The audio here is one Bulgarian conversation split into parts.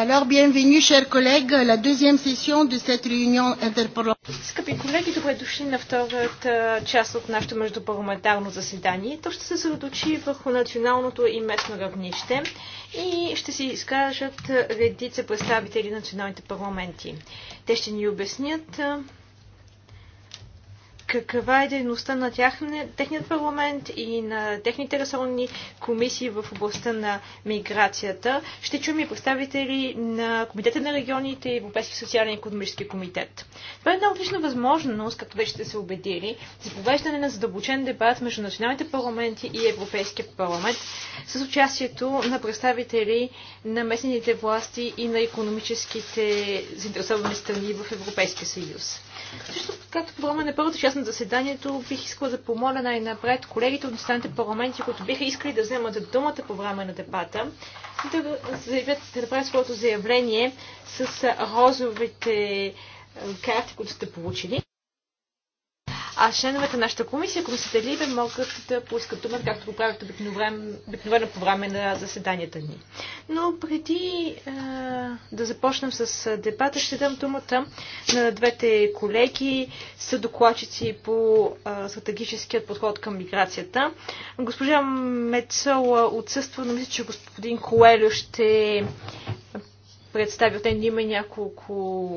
Alors, bienvenue, chers collègues, à la deuxième session de cette réunion interparламентарна. Скъпи колеги, добре дошли на втората част от нашето междупарламентарно заседание. То ще се съсредоточи върху националното и местно равнище и ще си изкажат редица представители на националните парламенти. Те ще ни обяснят каква е дейността на тях, техният парламент и на техните ресурсни комисии в областта на миграцията. Ще чуем и представители на Комитета на регионите и Европейски социален и економически комитет. Това е една отлична възможност, като вече сте се убедили, за провеждане на задълбочен дебат между националните парламенти и Европейския парламент с участието на представители на местните власти и на економическите заинтересовани страни в Европейския съюз. Също както по време на първата част на заседанието, бих искала да помоля най-напред колегите от останалите парламенти, които биха искали да вземат думата по време на дебата, да заявят, да направят своето заявление с розовите е, карти, които сте получили а членовете на нашата комисия, комисията Либе, могат да поискат думата, както го правят обикновено по време на заседанията ни. Но преди а, да започнем с дебата, ще дам думата на двете колеги, са докладчици по а, стратегическият подход към миграцията. Госпожа Мецола отсъства, но мисля, че господин Коелю ще представи от нея има няколко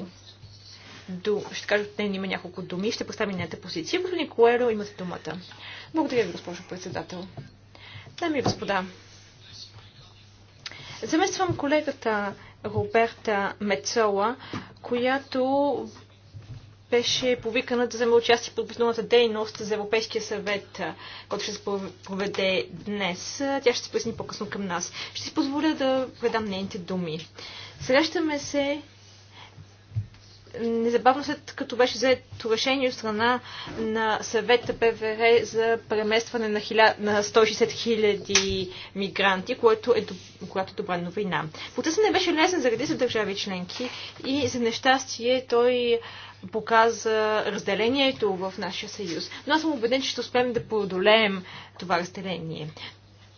ду... ще кажа от нея има няколко думи, ще поставим нейната позиция. Господин Коеро, имате думата. Благодаря ви, госпожо председател. Дами и господа, замествам колегата Роберта Мецола, която беше повикана да вземе участие в подписаната дейност за Европейския съвет, който ще се проведе днес. Тя ще се поясни по-късно към нас. Ще си позволя да предам нейните думи. Срещаме се незабавно след като беше взето решение от страна на съвета ПВР за преместване на, хиля... на 160 хиляди мигранти, което е, до... което е добра новина. Процесът не беше лесен заради за държави членки и за нещастие той показа разделението в нашия съюз. Но аз съм убеден, че ще успеем да преодолеем това разделение.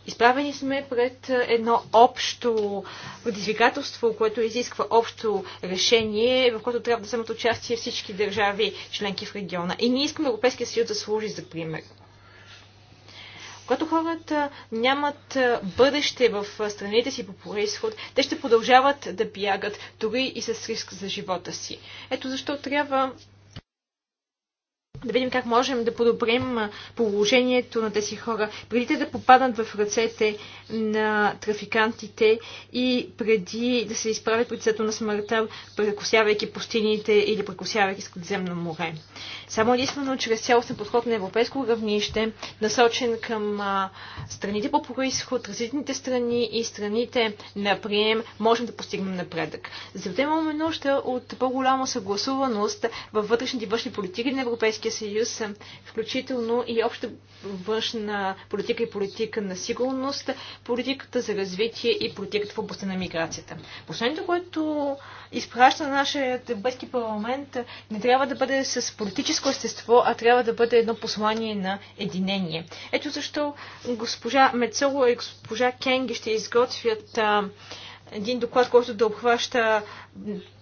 Изправени сме пред едно общо предизвикателство, което изисква общо решение, в което трябва да вземат участие всички държави членки в региона. И ние искаме Европейския съюз да служи за пример. Когато хората нямат бъдеще в страните си по происход, те ще продължават да бягат, дори и с риск за живота си. Ето защо трябва да видим как можем да подобрим положението на тези хора, преди те да попаднат в ръцете на трафикантите и преди да се изправят пред на смъртта, прекусявайки пустините или прекусявайки Средиземно море. Само единствено чрез цялостен подход на европейско равнище, насочен към страните по происход, развитните страни и страните на прием, можем да постигнем напредък. За да имаме нужда от по-голяма съгласуваност във вътрешните и външни политики на европейски. Европейския съюз, е, включително и обща външна политика и политика на сигурност, политиката за развитие и политиката в областта на миграцията. Посланието, което изпраща на нашия Европейски парламент, не трябва да бъде с политическо естество, а трябва да бъде едно послание на единение. Ето защо госпожа Мецело и госпожа Кенги ще изготвят един доклад, който да обхваща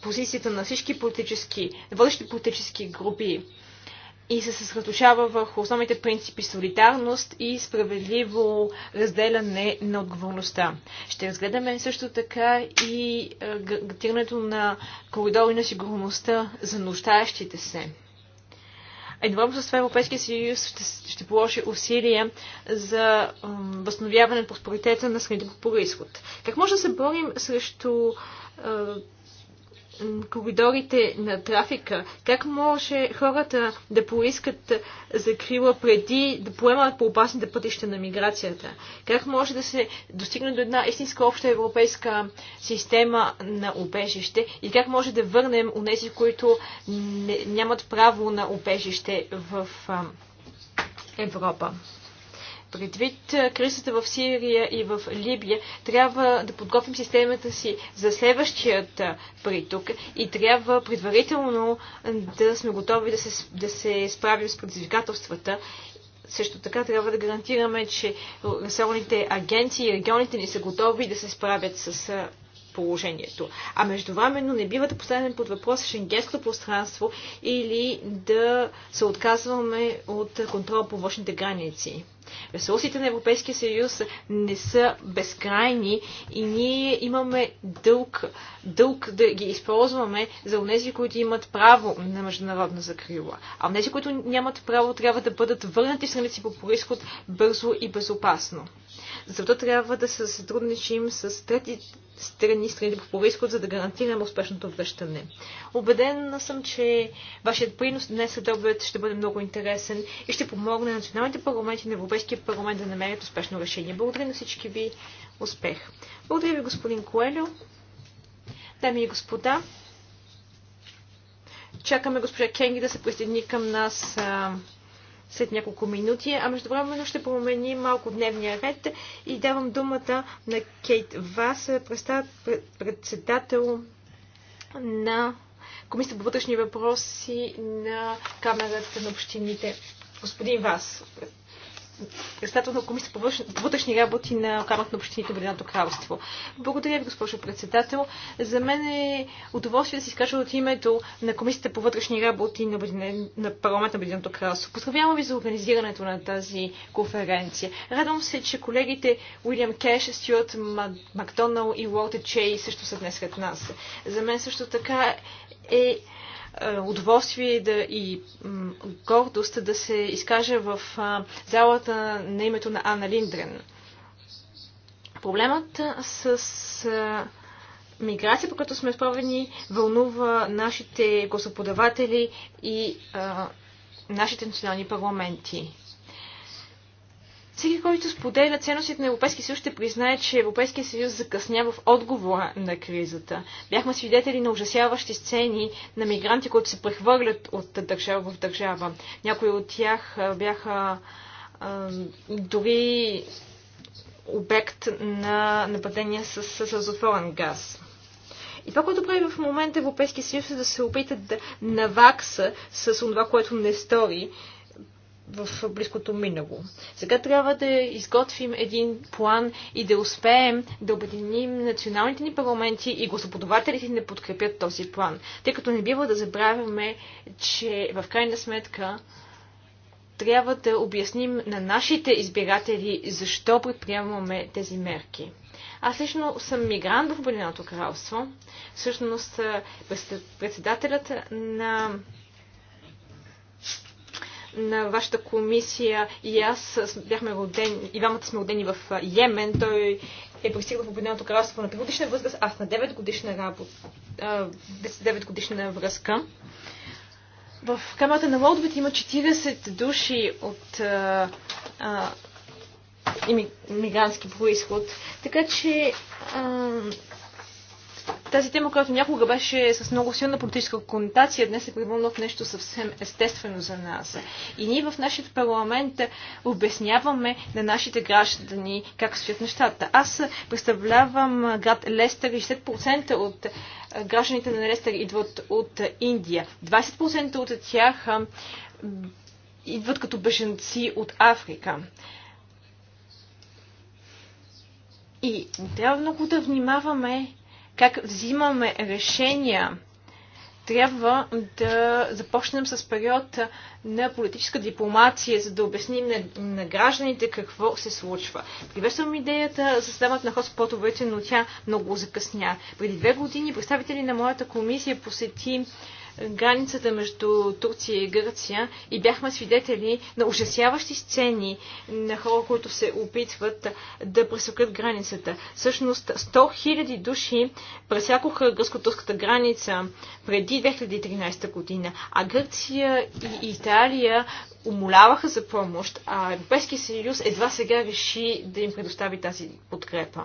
позицията на всички политически, водещи политически групи и се съсредоточава върху основните принципи солидарност и справедливо разделяне на отговорността. Ще разгледаме също така и е, гарантирането на коридори на сигурността за нуждаещите се. Едновременно с това Европейския съюз ще, ще положи усилия за е, възстановяване на проспоритета на средите по происход. Как може да се борим срещу е, коридорите на трафика, как може хората да поискат закрила преди да поемат по опасните пътища на миграцията? Как може да се достигне до една истинска обща европейска система на обежище и как може да върнем у нези, които не, нямат право на обежище в а, Европа? Предвид кризата в Сирия и в Либия, трябва да подготвим системата си за следващият приток и трябва предварително да сме готови да се, да се справим с предизвикателствата също така трябва да гарантираме, че населените агенции и регионите ни са готови да се справят с положението. А междувременно не бива да поставяме под въпрос шенгенското пространство или да се отказваме от контрол по външните граници. Ресурсите на Европейския съюз не са безкрайни и ние имаме дълг, дълг да ги използваме за онези, които имат право на международна закрила. А онези, които нямат право, трябва да бъдат върнати в страните си по происход бързо и безопасно. Зато трябва да се сътрудничим с трети страни, страните по происход, за да гарантираме успешното връщане. Обедена съм, че вашият принос днес след обед ще бъде много интересен и ще помогне на националните парламенти и на Европейския парламент да намерят успешно решение. Благодаря на всички ви. Успех! Благодаря ви, господин Коелю. Дами и господа, чакаме госпожа Кенги да се присъедини към нас след няколко минути, а между времено ще променим малко дневния ред и давам думата на Кейт Вас, председател на Комисията по вътрешни въпроси на Камерата на общините. Господин Вас, председател на комисия по вътрешни работи на Камерата на общините Обединеното кралство. Благодаря ви, госпожо председател. За мен е удоволствие да се изкажа от името на комисията по вътрешни работи на, Обединен... на парламента на Обединеното кралство. Поздравявам ви за организирането на тази конференция. Радвам се, че колегите Уилям Кеш, Стюарт Макдонал и Уолтер Чей също са днес от нас. За мен също така е е, удоволствие да, и гордост да се изкажа в залата на името на Анна Линдрен. Проблемът с миграция, по като сме изправени, вълнува нашите гласоподаватели и а, нашите национални парламенти. Всеки, който споделя ценностите на Европейския съюз, ще признае, че Европейския съюз закъсня в отговора на кризата. Бяхме свидетели на ужасяващи сцени на мигранти, които се прехвърлят от държава в държава. Някои от тях бяха а, дори обект на нападения с, с, с затворен газ. И това, което прави в момента Европейския съюз е да се опита да навакса с това, което не стори в близкото минало. Сега трябва да изготвим един план и да успеем да обединим националните ни парламенти и господователите да подкрепят този план. Тъй като не бива да забравяме, че в крайна сметка трябва да обясним на нашите избиратели защо предприемаме тези мерки. Аз лично съм мигрант в Обединеното кралство. Всъщност е, председателят на на вашата комисия и аз бяхме родени, и двамата сме родени в Йемен. Той е пристигнал в Обединеното кралство на 3 годишна възраст, аз на 9 годишна работа, 9 годишна връзка. В камерата на лордовете има 40 души от а, а, мигрантски происход, така че а, тази тема, която някога беше с много силна политическа конотация, днес се превърна в нещо съвсем естествено за нас. И ние в нашия парламент обясняваме на нашите граждани как стоят нещата. Аз представлявам град Лестър и 60% от гражданите на Лестър идват от Индия. 20% от тях идват като беженци от Африка. И трябва много да внимаваме как взимаме решения, трябва да започнем с период на политическа дипломация, за да обясним на, на гражданите какво се случва. Приветствам идеята за създаването на хоспотовете, но тя много закъсня. Преди две години представители на моята комисия посети границата между Турция и Гърция и бяхме свидетели на ужасяващи сцени на хора, които се опитват да пресекат границата. Всъщност 100 000 души пресякоха гръцко-турската граница преди 2013 година, а Гърция и Италия умоляваха за помощ, а Европейския съюз едва сега реши да им предостави тази подкрепа.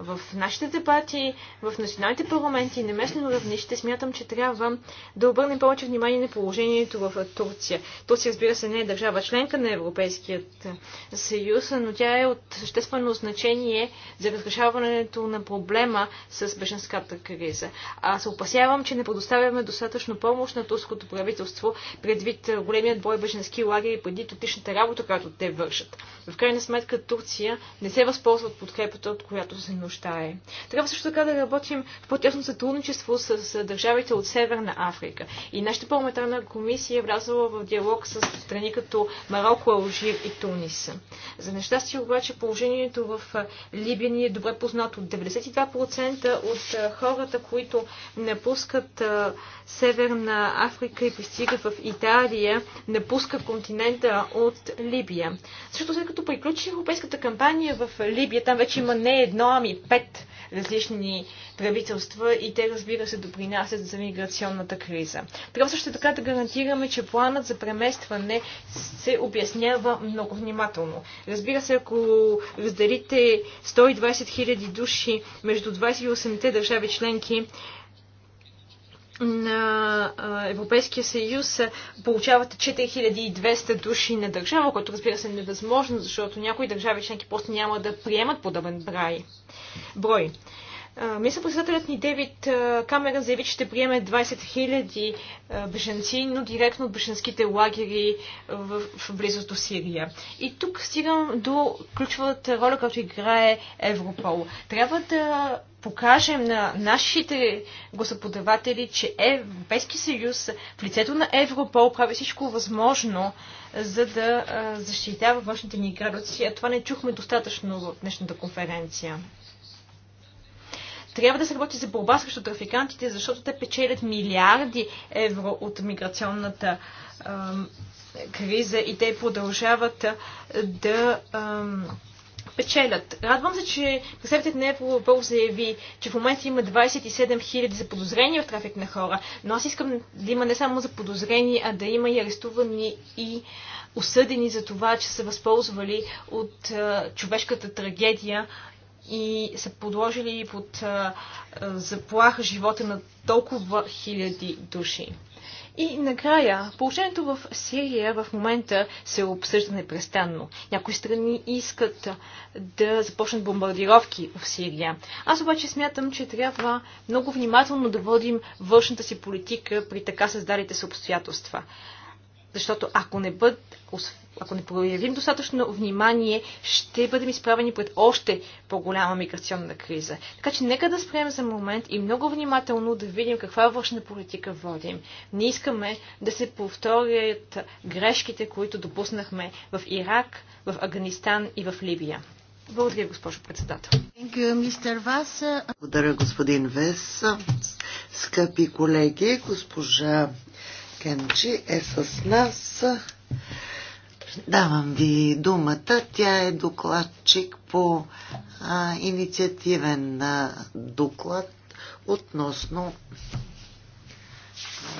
В нашите дебати, в националните парламенти и на местно равнище смятам, че трябва да обърнем повече внимание на положението в Турция. Турция, разбира се, не е държава членка на Европейският съюз, но тя е от съществено значение за разрешаването на проблема с беженската криза. А се опасявам, че не предоставяме достатъчно помощ на турското правителство предвид големият брой беженски прилага и преди тотичната работа, която те вършат. В крайна сметка Турция не се възползва от подкрепата, от която се нуждае. Трябва също така да работим в по-тясно сътрудничество с, държавите от Северна Африка. И нашата парламентарна комисия е влязала в диалог с страни като Марокко, Алжир и Тунис. За нещастие обаче положението в Либия ни е добре познато. 92% от хората, които напускат Северна Африка и пристигат в Италия, напускат континента от Либия. Защото след като приключи европейската кампания в Либия, там вече има не едно, ами пет различни правителства и те, разбира се, допринасят за миграционната криза. Трябва също така да гарантираме, че планът за преместване се обяснява много внимателно. Разбира се, ако разделите 120 000 души между 28-те държави членки, на Европейския съюз получавате 4200 души на държава, което разбира се е невъзможно, защото някои държави членки просто няма да приемат подобен брай. брой. Мисля, председателят ни Девид Камера, заяви, че ще приеме 20 000 беженци, но директно от беженските лагери в, в близост до Сирия. И тук стигам до ключовата роля, която играе Европол. Трябва да покажем на нашите господаватели, че Европейски съюз в лицето на Европол прави всичко възможно, за да защитява външните ни градуци, а това не чухме достатъчно в днешната конференция. Трябва да се работи за борба срещу трафикантите, защото те печелят милиарди евро от миграционната криза и те продължават да печелят. Радвам се, че представителят на Европол заяви, че в момента има 27 000 заподозрения в трафик на хора, но аз искам да има не само заподозрени, а да има и арестувани и осъдени за това, че са възползвали от а, човешката трагедия и са подложили под а, а, заплаха живота на толкова хиляди души. И накрая, положението в Сирия в момента се обсъжда непрестанно. Някои страни искат да започнат бомбардировки в Сирия. Аз обаче смятам, че трябва много внимателно да водим външната си политика при така създалите се обстоятелства. Защото ако не, бъд, ако не проявим достатъчно внимание, ще бъдем изправени пред още по-голяма миграционна криза. Така че нека да спрем за момент и много внимателно да видим каква външна политика водим. Не искаме да се повторят грешките, които допуснахме в Ирак, в Афганистан и в Либия. Благодаря, госпожо председател. Благодаря, господин Вес. Скъпи колеги, госпожа Кенджи е с нас. Давам ви думата. Тя е докладчик по а, инициативен а, доклад относно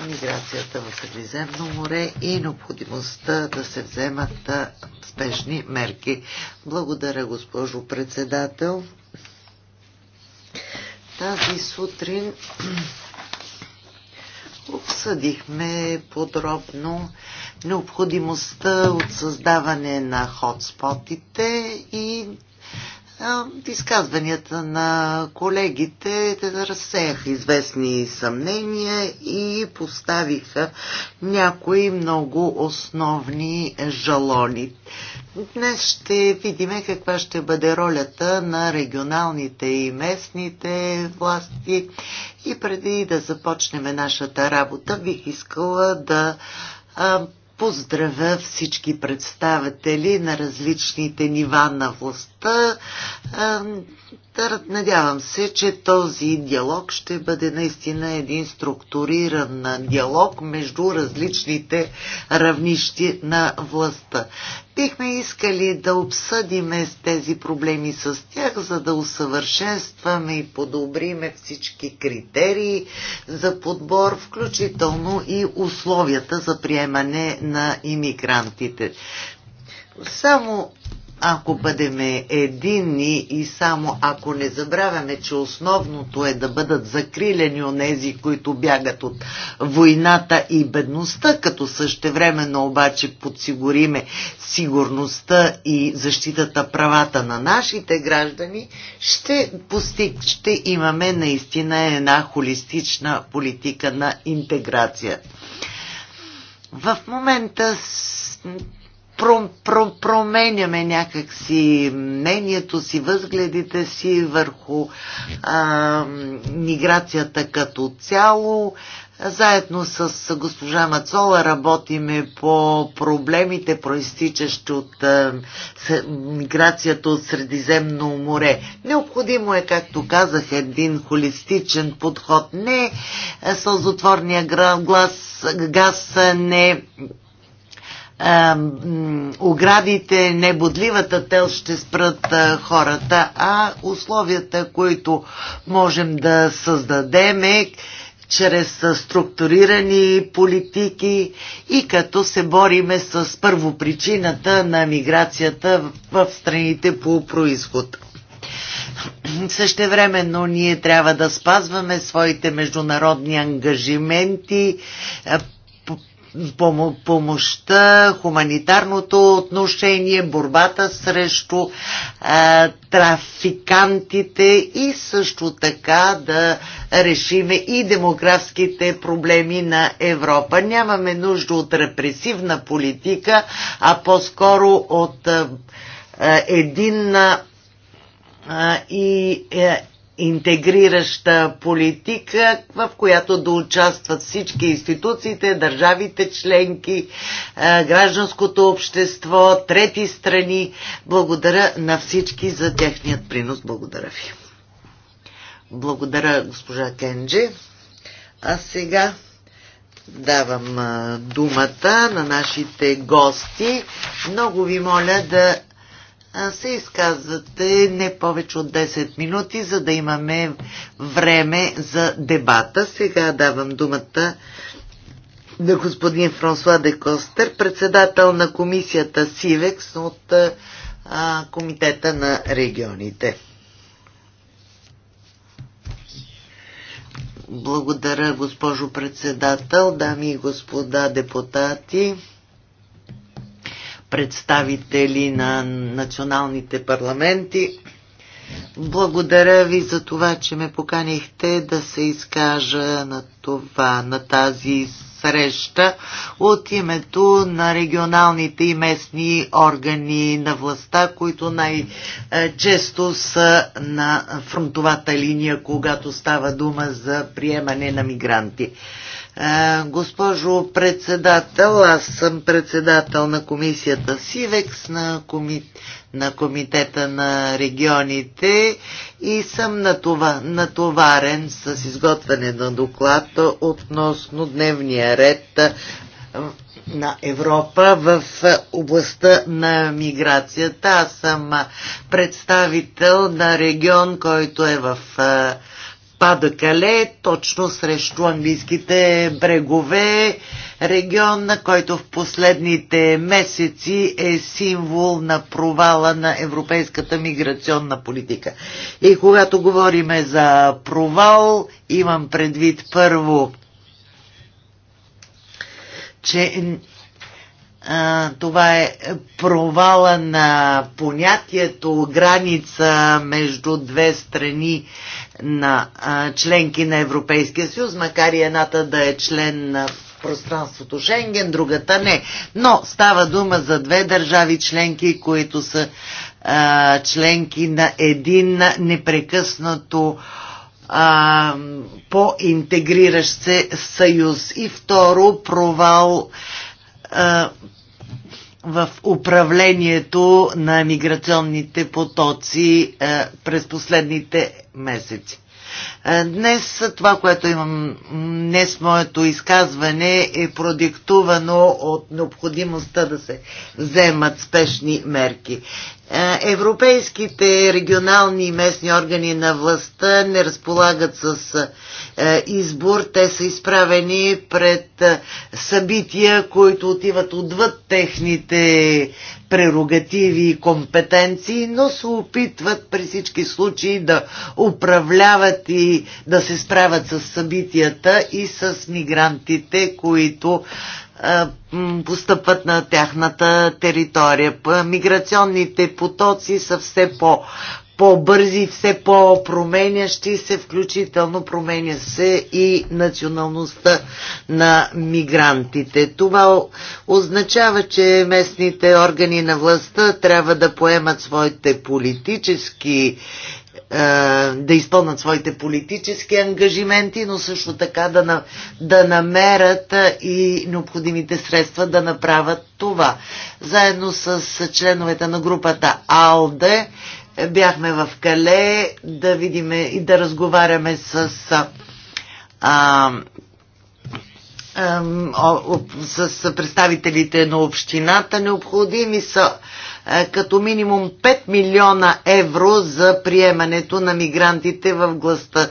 миграцията в Средиземно море и необходимостта да се вземат а, спешни мерки. Благодаря, госпожо председател. Тази сутрин обсъдихме подробно необходимостта от създаване на хотспотите и изказванията на колегите разсеяха известни съмнения и поставиха някои много основни жалони. Днес ще видим каква ще бъде ролята на регионалните и местните власти и преди да започнем нашата работа бих искала да поздравя всички представители на различните нива на властта. Надявам се, че този диалог ще бъде наистина един структуриран диалог между различните равнищи на властта. Бихме искали да обсъдиме с тези проблеми с тях, за да усъвършенстваме и подобриме всички критерии за подбор, включително и условията за приемане на иммигрантите. Само ако бъдеме единни и само ако не забравяме, че основното е да бъдат закрилени тези, които бягат от войната и бедността, като същевременно обаче подсигуриме сигурността и защитата правата на нашите граждани, ще, постиг, ще имаме наистина една холистична политика на интеграция. В момента пром, пром, променяме някакси мнението си, възгледите си върху а, миграцията като цяло. Заедно с госпожа Мацола работиме по проблемите, проистичащи от миграцията от Средиземно море. Необходимо е, както казах, един холистичен подход. Не сълзотворния глас, газ, не оградите, небодливата тел ще спрат а, хората, а условията, които можем да създадем е чрез структурирани политики и като се бориме с първопричината на миграцията в, в страните по происход. Същевременно ние трябва да спазваме своите международни ангажименти, помощта, хуманитарното отношение, борбата срещу а, трафикантите и също така да решиме и демографските проблеми на Европа. Нямаме нужда от репресивна политика, а по-скоро от а, а, и е, интегрираща политика, в която да участват всички институциите, държавите членки, е, гражданското общество, трети страни. Благодаря на всички за техният принос. Благодаря ви. Благодаря, госпожа Кенджи. А сега давам думата на нашите гости. Много ви моля да се изказвате не повече от 10 минути, за да имаме време за дебата. Сега давам думата на господин Франсуа де Костер, председател на комисията СИВЕКС от а, Комитета на регионите. Благодаря, госпожо председател, дами и господа депутати представители на националните парламенти. Благодаря ви за това, че ме поканихте да се изкажа на това, на тази среща от името на регионалните и местни органи на властта, които най-често са на фронтовата линия, когато става дума за приемане на мигранти. Госпожо председател, аз съм председател на комисията СИВЕКС, на, коми... на комитета на регионите и съм натова... натоварен с изготвяне на доклад относно дневния ред на Европа в областта на миграцията. Аз съм представител на регион, който е в пада Кале, точно срещу английските брегове, регион, на който в последните месеци е символ на провала на европейската миграционна политика. И когато говориме за провал, имам предвид първо, че това е провала на понятието граница между две страни на членки на Европейския съюз, макар и едната да е член на пространството Шенген, другата не. Но става дума за две държави членки, които са членки на един непрекъснато по-интегриращ се съюз. И второ, провал в управлението на миграционните потоци е, през последните месеци. Е, днес това, което имам, днес моето изказване е продиктувано от необходимостта да се вземат спешни мерки. Е, европейските регионални и местни органи на властта не разполагат с е, избор. Те са изправени пред е, събития, които отиват отвъд техните прерогативи и компетенции, но се опитват при всички случаи да управляват и да се справят с събитията и с мигрантите, които е, постъпват на тяхната територия. Миграционните потоци са все по- по-бързи, все по-променящи се, включително променя се и националността на мигрантите. Това означава, че местните органи на властта трябва да поемат своите политически е, да изпълнат своите политически ангажименти, но също така да, на, да намерят и необходимите средства да направят това. Заедно с членовете на групата АЛДЕ бяхме в Кале да видим и да разговаряме с а, с представителите на общината. Необходими са като минимум 5 милиона евро за приемането на мигрантите в, гласта,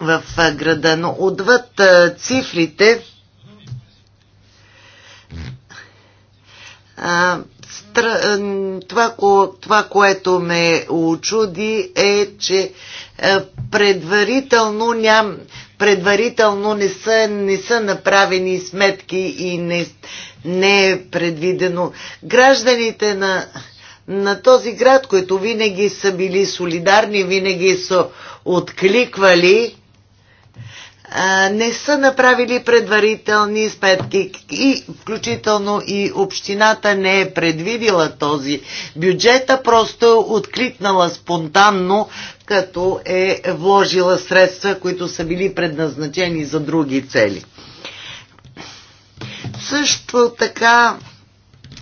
в града. Но отвъд цифрите Стра... Е, това, ко... това, което ме очуди е, че е, предварително, ням... предварително не, са, не са направени сметки и не, не е предвидено. Гражданите на на този град, които винаги са били солидарни, винаги са откликвали не са направили предварителни сметки и включително и общината не е предвидила този бюджет, а просто е откликнала спонтанно, като е вложила средства, които са били предназначени за други цели. Също така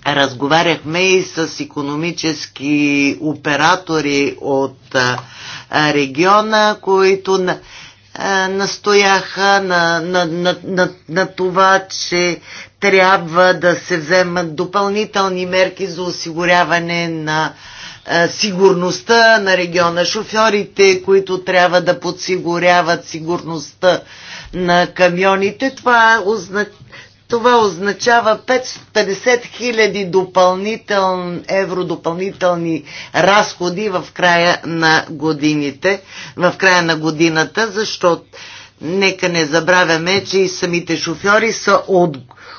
разговаряхме и с економически оператори от региона, които е, настояха на, на, на, на, на това, че трябва да се вземат допълнителни мерки за осигуряване на е, сигурността на региона, шофьорите, които трябва да подсигуряват сигурността на камионите. Това, озна... Това означава 550 хиляди допълнител, евро допълнителни разходи в края на годините, в края на годината, защото нека не забравяме, че и самите шофьори са от,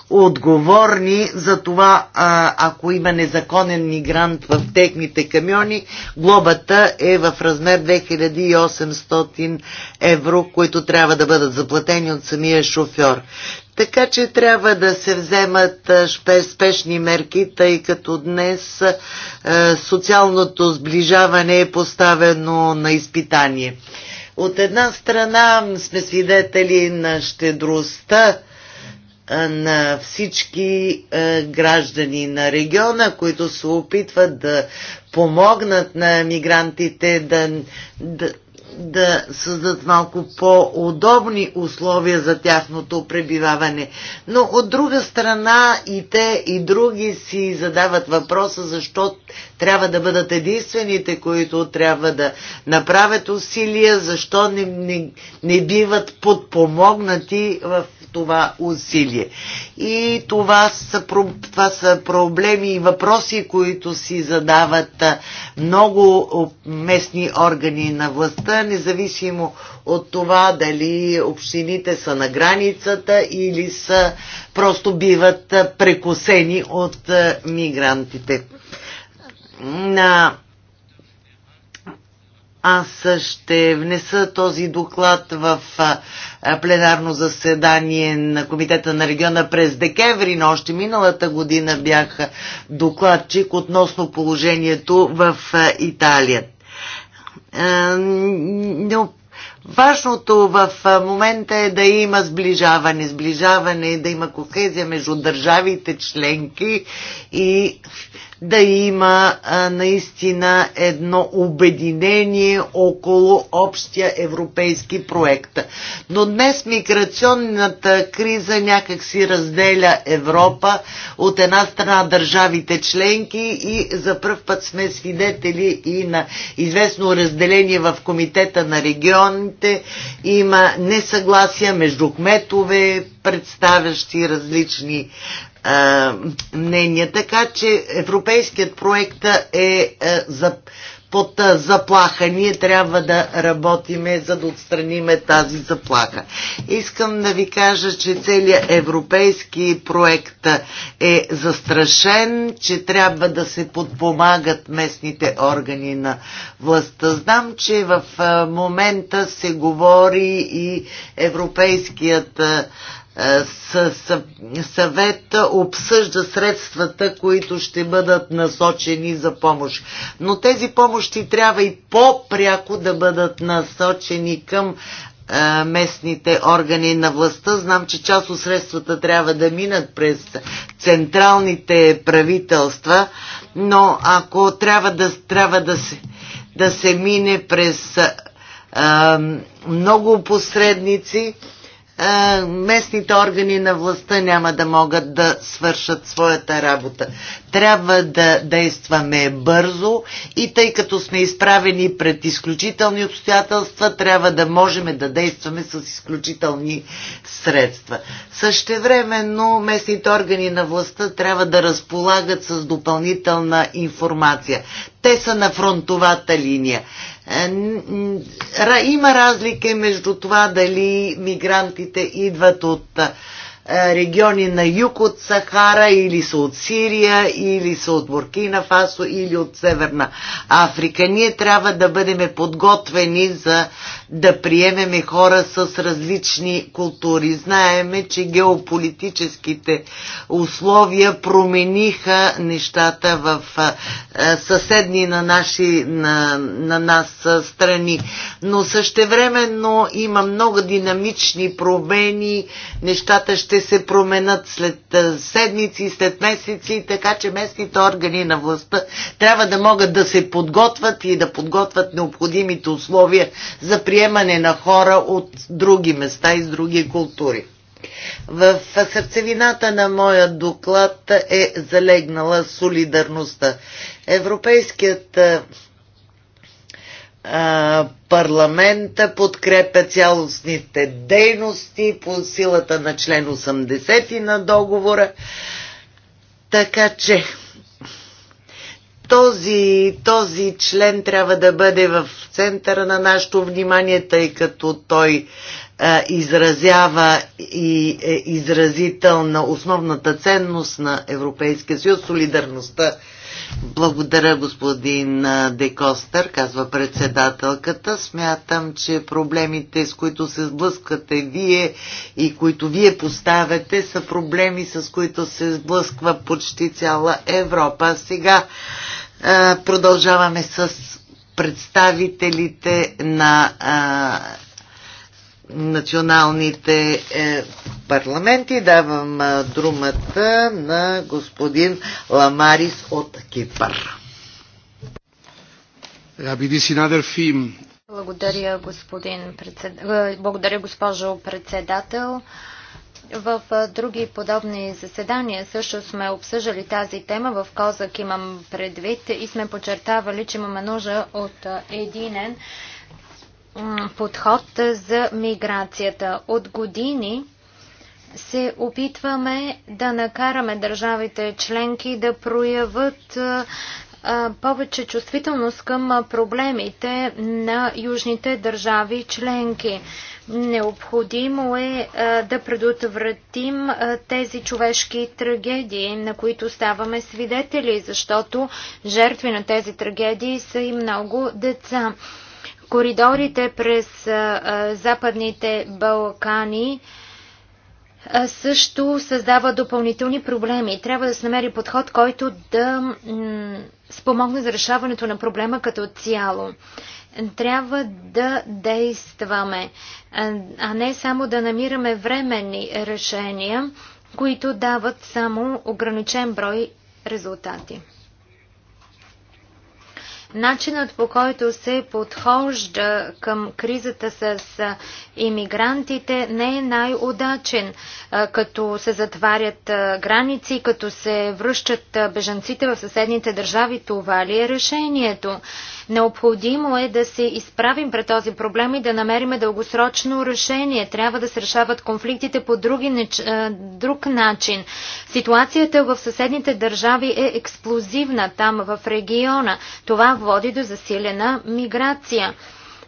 отговорни за това, а, ако има незаконен мигрант в техните камиони. Глобата е в размер 2800 евро, които трябва да бъдат заплатени от самия шофьор. Така че трябва да се вземат спешни мерки, тъй като днес социалното сближаване е поставено на изпитание. От една страна сме свидетели на щедростта на всички граждани на региона, които се опитват да помогнат на мигрантите да, да, да създадат малко по-удобни условия за тяхното пребиваване. Но от друга страна и те и други си задават въпроса защо трябва да бъдат единствените, които трябва да направят усилия, защо не, не, не биват подпомогнати в това усилие. И това са, това са проблеми и въпроси, които си задават много местни органи на властта, независимо от това дали общините са на границата или са просто биват прекусени от мигрантите на аз ще внеса този доклад в пленарно заседание на Комитета на региона през декември, но още миналата година бях докладчик относно положението в Италия. Но важното в момента е да има сближаване, сближаване, да има кохезия между държавите членки и да има а, наистина едно обединение около общия европейски проект. Но днес миграционната криза някак си разделя Европа от една страна държавите членки и за първ път сме свидетели и на известно разделение в Комитета на регионите. Има несъгласия между кметове, представящи различни а, мнения, така че европейският проект е а, е, за, под а, е, заплаха. Ние трябва да работиме, за да отстраниме тази заплаха. Искам да ви кажа, че целият европейски проект е застрашен, че трябва да се подпомагат местните органи на властта. Знам, че в а, е, момента се говори и европейският а, е, съвет обсъжда средствата, които ще бъдат насочени за помощ. Но тези помощи трябва и по-пряко да бъдат насочени към е, местните органи на властта. Знам, че част от средствата трябва да минат през централните правителства, но ако трябва да, трябва да, се, да се мине през а, е, много посредници, местните органи на властта няма да могат да свършат своята работа. Трябва да действаме бързо и тъй като сме изправени пред изключителни обстоятелства, трябва да можем да действаме с изключителни средства. Същевременно местните органи на властта трябва да разполагат с допълнителна информация те са на фронтовата линия. Е, има разлика между това дали мигрантите идват от е, е, региони на юг от Сахара или са от Сирия, или са от Буркина Фасо, или от Северна Африка. Ние трябва да бъдем подготвени за да приемеме хора с различни култури. Знаеме, че геополитическите условия промениха нещата в е, съседни на, наши, на, на нас е, страни. Но същевременно има много динамични промени, нещата ще се променят след седмици, след месеци, така че местните органи на властта трябва да могат да се подготвят и да подготвят необходимите условия за приемане на хора от други места и с други култури. В сърцевината на моя доклад е залегнала солидарността. Европейският парламента подкрепя цялостните дейности по силата на член 80 на договора. Така че този, този член трябва да бъде в центъра на нашето внимание, тъй като той а, изразява и е изразител на основната ценност на Европейския съюз, солидарността благодаря, господин Декостър, казва председателката. Смятам, че проблемите, с които се сблъсквате вие и които вие поставяте, са проблеми, с които се сблъсква почти цяла Европа. Сега а, продължаваме с представителите на а, националните е, парламенти. Давам е, думата на господин Ламарис от Кипър. Е, благодаря, господин председ... Е, благодаря, госпожо председател. В е, други подобни заседания също сме обсъждали тази тема. В Козак имам предвид и сме подчертавали, че имаме нужда от единен подход за миграцията. От години се опитваме да накараме държавите членки да проявят повече чувствителност към проблемите на южните държави членки. Необходимо е да предотвратим тези човешки трагедии, на които ставаме свидетели, защото жертви на тези трагедии са и много деца. Коридорите през Западните Балкани също създава допълнителни проблеми. Трябва да се намери подход, който да спомогне за решаването на проблема като цяло. Трябва да действаме, а не само да намираме временни решения, които дават само ограничен брой резултати. Начинът по който се подхожда към кризата с иммигрантите не е най-удачен, като се затварят граници, като се връщат бежанците в съседните държави. Това ли е решението? Необходимо е да се изправим пред този проблем и да намериме дългосрочно решение. Трябва да се решават конфликтите по други, друг начин. Ситуацията в съседните държави е експлозивна там в региона. Това води до засилена миграция.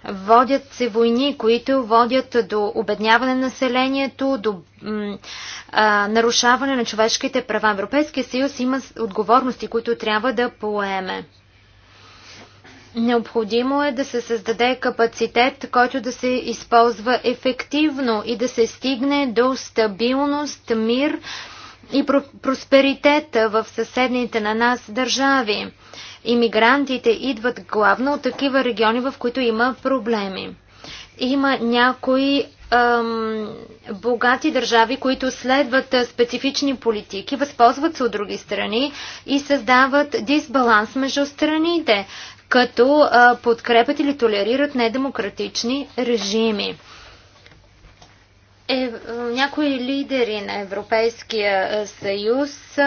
Водят се войни, които водят до обедняване на населението, до а, нарушаване на човешките права. Европейския съюз има отговорности, които трябва да поеме. Необходимо е да се създаде капацитет, който да се използва ефективно и да се стигне до стабилност, мир и просперитет в съседните на нас държави. Имигрантите идват главно от такива региони, в които има проблеми. Има някои ам, богати държави, които следват специфични политики, възползват се от други страни и създават дисбаланс между страните като а, подкрепят или толерират недемократични режими. Е, някои лидери на Европейския съюз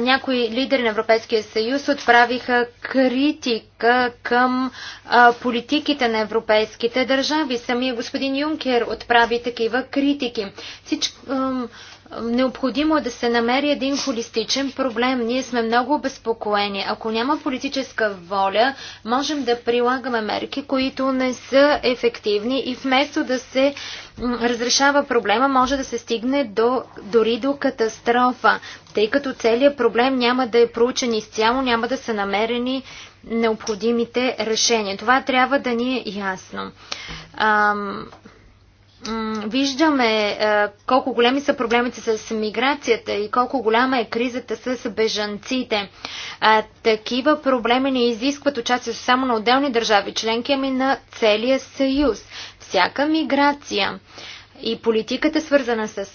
някои лидери на Европейския съюз отправиха критика към а, политиките на европейските държави. Самия господин Юнкер отправи такива критики. Всичко, Необходимо е да се намери един холистичен проблем. Ние сме много обезпокоени. Ако няма политическа воля, можем да прилагаме мерки, които не са ефективни и вместо да се разрешава проблема, може да се стигне до, дори до катастрофа, тъй като целият проблем няма да е проучен изцяло, няма да са намерени необходимите решения. Това трябва да ни е ясно виждаме е, колко големи са проблемите с миграцията и колко голяма е кризата с бежанците. Такива проблеми не изискват участие само на отделни държави членки, ами на целия съюз. Всяка миграция и политиката свързана с...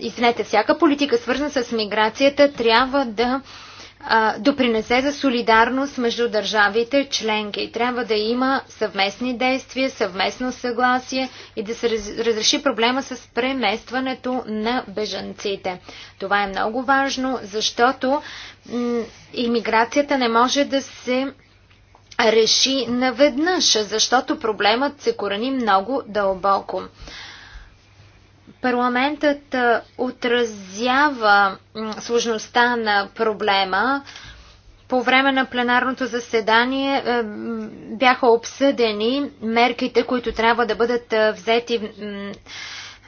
Извинете, всяка политика свързана с миграцията трябва да допринесе за солидарност между държавите членки. Трябва да има съвместни действия, съвместно съгласие и да се разреши проблема с преместването на бежанците. Това е много важно, защото иммиграцията не може да се реши наведнъж, защото проблемът се корени много дълбоко. Парламентът отразява сложността на проблема. По време на пленарното заседание бяха обсъдени мерките, които трябва да бъдат взети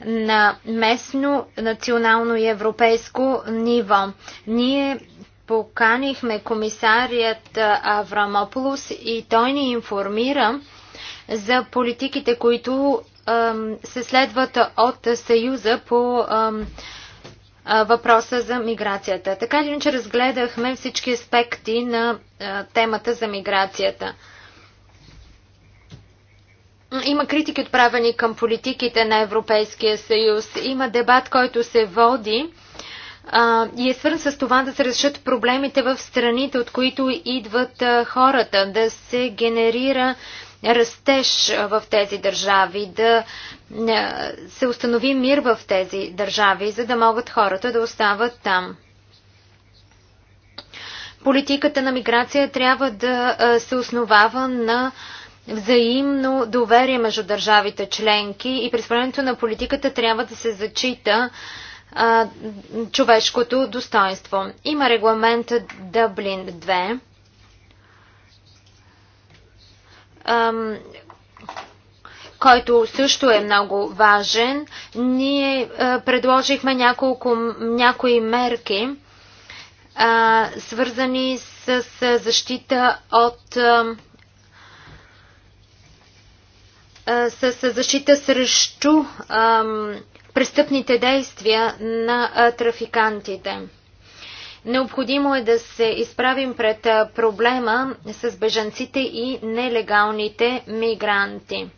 на местно, национално и европейско ниво. Ние поканихме комисарият Аврамополос и той ни информира за политиките, които се следват от Съюза по въпроса за миграцията. Така или иначе разгледахме всички аспекти на темата за миграцията. Има критики отправени към политиките на Европейския съюз. Има дебат, който се води а, и е свързан с това да се решат проблемите в страните, от които идват а, хората, да се генерира а, растеж в тези държави, да е, се установи мир в тези държави, за да могат хората да остават там. Политиката на миграция трябва да е, се основава на взаимно доверие между държавите членки и при времето на политиката трябва да се зачита е, човешкото достоинство. Има регламент Дъблин 2 който също е много важен, ние предложихме няколко, някои мерки, свързани с защита от с защита срещу престъпните действия на трафикантите. Необходимо е да се изправим пред проблема с бежанците и нелегалните мигранти.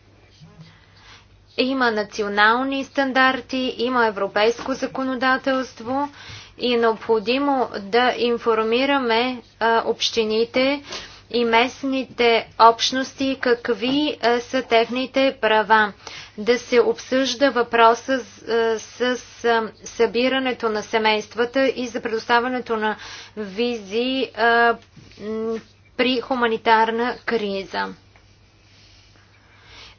Има национални стандарти, има европейско законодателство и е необходимо да информираме общините и местните общности какви са техните права. Да се обсъжда въпроса с, с, с събирането на семействата и за предоставянето на визи а, при хуманитарна криза.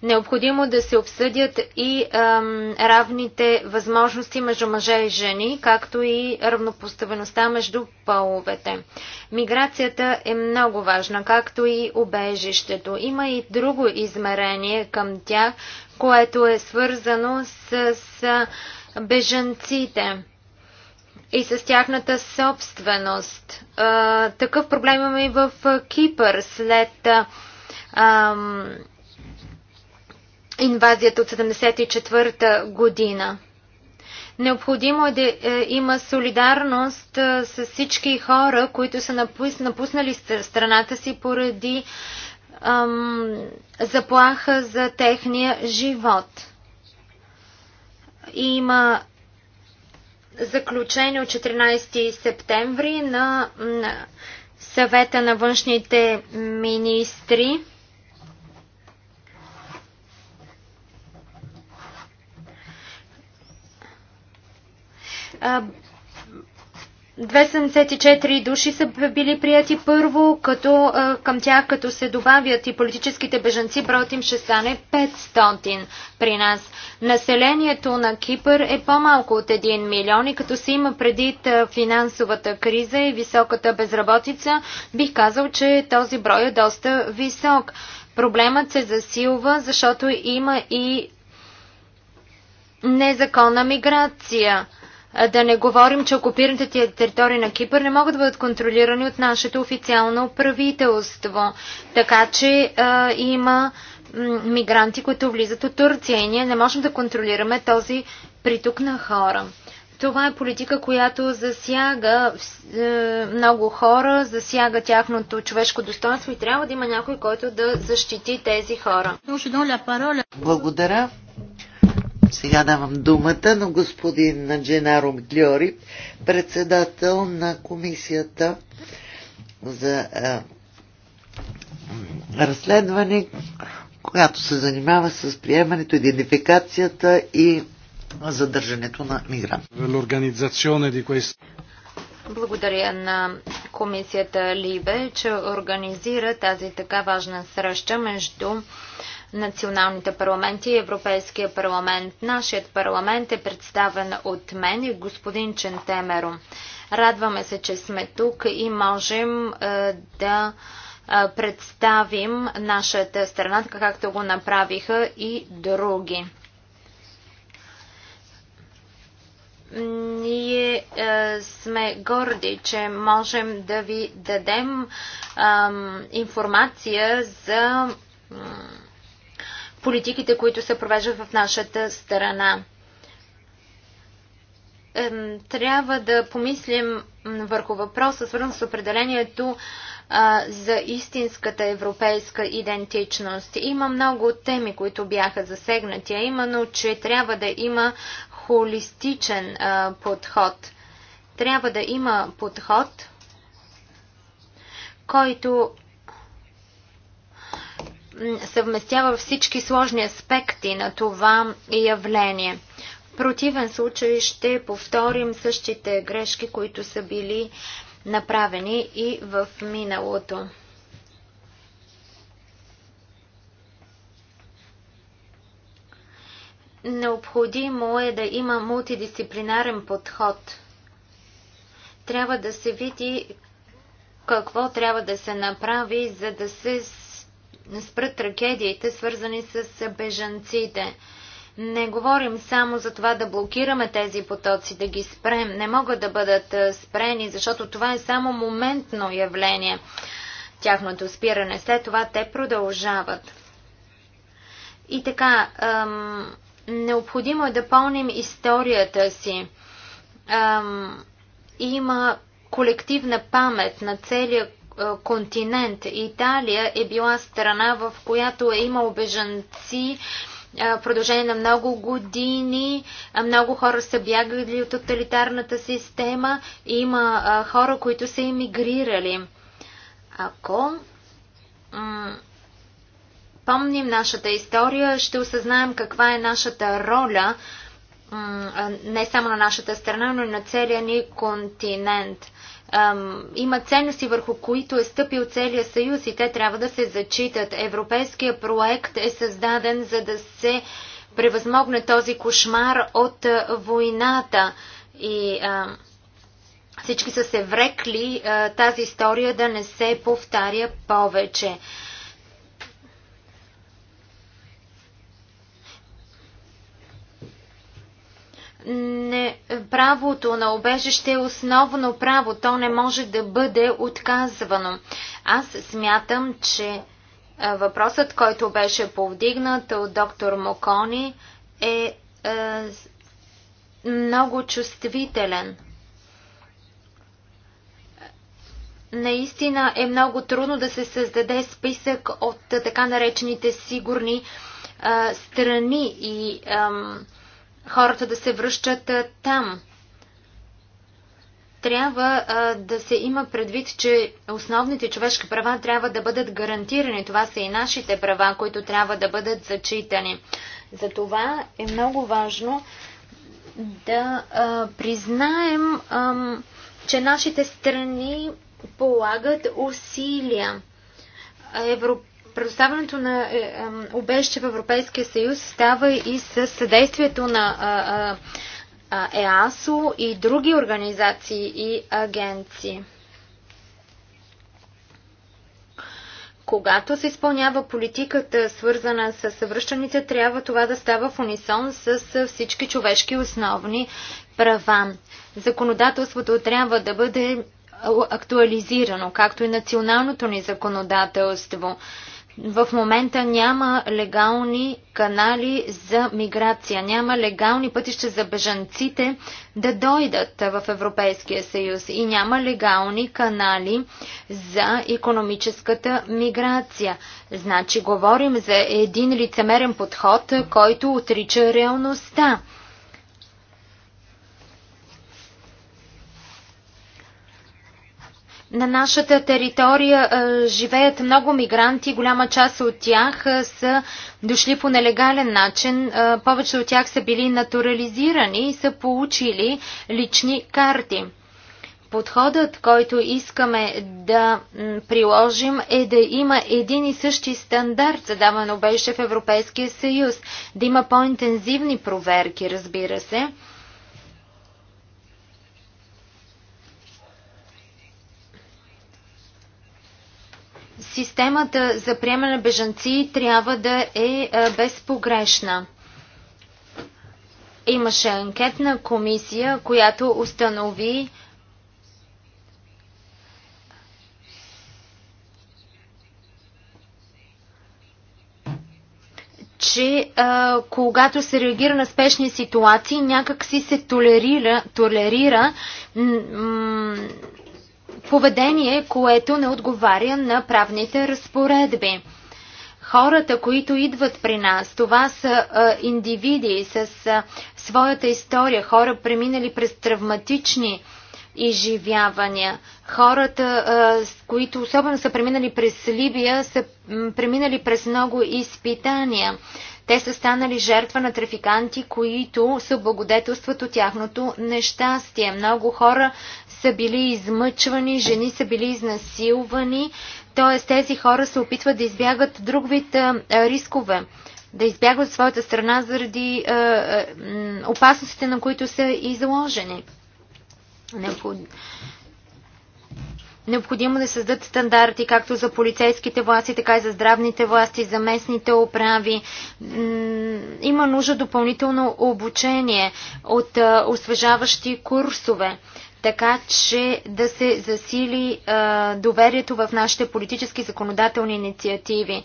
Необходимо да се обсъдят и ам, равните възможности между мъже и жени, както и равнопоставеността между половете. Миграцията е много важна, както и обежището. Има и друго измерение към тях, което е свързано с, с бежанците и с тяхната собственост. А, такъв проблем има и в Кипър след. А, ам, инвазията от 1974 година. Необходимо е да е, има солидарност е, с всички хора, които са напуснали страната си поради ам, заплаха за техния живот. Има заключение от 14 септември на, на съвета на външните министри 274 души са били прияти първо, като към тях като се добавят и политическите бежанци, броят им ще стане 500 при нас. Населението на Кипър е по-малко от 1 милион и като се има преди финансовата криза и високата безработица, бих казал, че този брой е доста висок. Проблемът се засилва, защото има и незаконна миграция – да не говорим, че окупираните територии на Кипър не могат да бъдат контролирани от нашето официално правителство. Така че а, има мигранти, които влизат от Турция и ние не можем да контролираме този приток на хора. Това е политика, която засяга е, много хора, засяга тяхното човешко достоинство и трябва да има някой, който да защити тези хора. Благодаря. Сега давам думата на господин Дженаро Мглиори, председател на комисията за е, разследване, която се занимава с приемането, идентификацията и задържането на мигранти. Благодаря на комисията Либе, че организира тази така важна среща между националните парламенти и Европейския парламент. Нашият парламент е представен от мен и господин Чентемеро. Радваме се, че сме тук и можем е, да е, представим нашата страна, така както го направиха и други. Ние е, сме горди, че можем да ви дадем е, информация за е, политиките, които се провеждат в нашата страна. Трябва да помислим върху въпроса, свързан с определението за истинската европейска идентичност. Има много теми, които бяха засегнати, а именно, че трябва да има холистичен подход. Трябва да има подход, който съвместява всички сложни аспекти на това явление. В противен случай ще повторим същите грешки, които са били направени и в миналото. Необходимо е да има мултидисциплинарен подход. Трябва да се види какво трябва да се направи, за да се спрат трагедиите, свързани с бежанците. Не говорим само за това да блокираме тези потоци, да ги спрем. Не могат да бъдат спрени, защото това е само моментно явление. Тяхното спиране. След това те продължават. И така, ем, необходимо е да пълним историята си. Ем, има колективна памет на целия е, континент. Италия е била страна, в която е имал бежанци е, в продължение на много години. Е, много хора са бягали от тоталитарната система. Има хора, които са емигрирали. Ако помним нашата история, ще осъзнаем каква е нашата роля не само на нашата страна, но и на целия ни континент ам, има ценности, върху които е стъпил целия съюз и те трябва да се зачитат. Европейския проект е създаден за да се превъзмогне този кошмар от войната и ам, всички са се врекли а, тази история да не се повтаря повече. не, правото на обежище е основно право. То не може да бъде отказвано. Аз смятам, че е, въпросът, който беше повдигнат от доктор Мокони, е, е много чувствителен. Наистина е много трудно да се създаде списък от така наречените сигурни е, страни и е, хората да се връщат там. Трябва а, да се има предвид, че основните човешки права трябва да бъдат гарантирани. Това са и нашите права, които трябва да бъдат зачитани. Затова е много важно да а, признаем, а, че нашите страни полагат усилия. Европ... Предоставянето на обещи е, в Европейския съюз става и с съдействието на ЕАСО и други организации и агенции. Когато се изпълнява политиката, свързана с съвръщаните, трябва това да става в унисон с всички човешки основни права. Законодателството трябва да бъде актуализирано, както и националното ни законодателство в момента няма легални канали за миграция, няма легални пътища за бежанците да дойдат в Европейския съюз и няма легални канали за економическата миграция. Значи говорим за един лицемерен подход, който отрича реалността. На нашата територия живеят много мигранти, голяма част от тях са дошли по нелегален начин, повече от тях са били натурализирани и са получили лични карти. Подходът, който искаме да приложим е да има един и същи стандарт задавано беше в Европейския съюз, да има по-интензивни проверки, разбира се Системата за приемане на бежанци трябва да е, е безпогрешна. Имаше анкетна комисия, която установи, че а, е, когато се реагира на спешни ситуации, някак си се толерира, толерира поведение, което не отговаря на правните разпоредби. Хората, които идват при нас, това са а, индивиди с а, своята история, хора преминали през травматични изживявания. Хората, а, които особено са преминали през Либия, са преминали през много изпитания. Те са станали жертва на трафиканти, които са благодетелстват от тяхното нещастие. Много хора са били измъчвани, жени са били изнасилвани, т.е. тези хора се опитват да избягат друг вид рискове, да избягат своята страна заради опасностите, на които са изложени. Необходимо да създадат стандарти както за полицейските власти, така и за здравните власти, за местните управи. Има нужда допълнително обучение от освежаващи курсове така че да се засили а, доверието в нашите политически законодателни инициативи.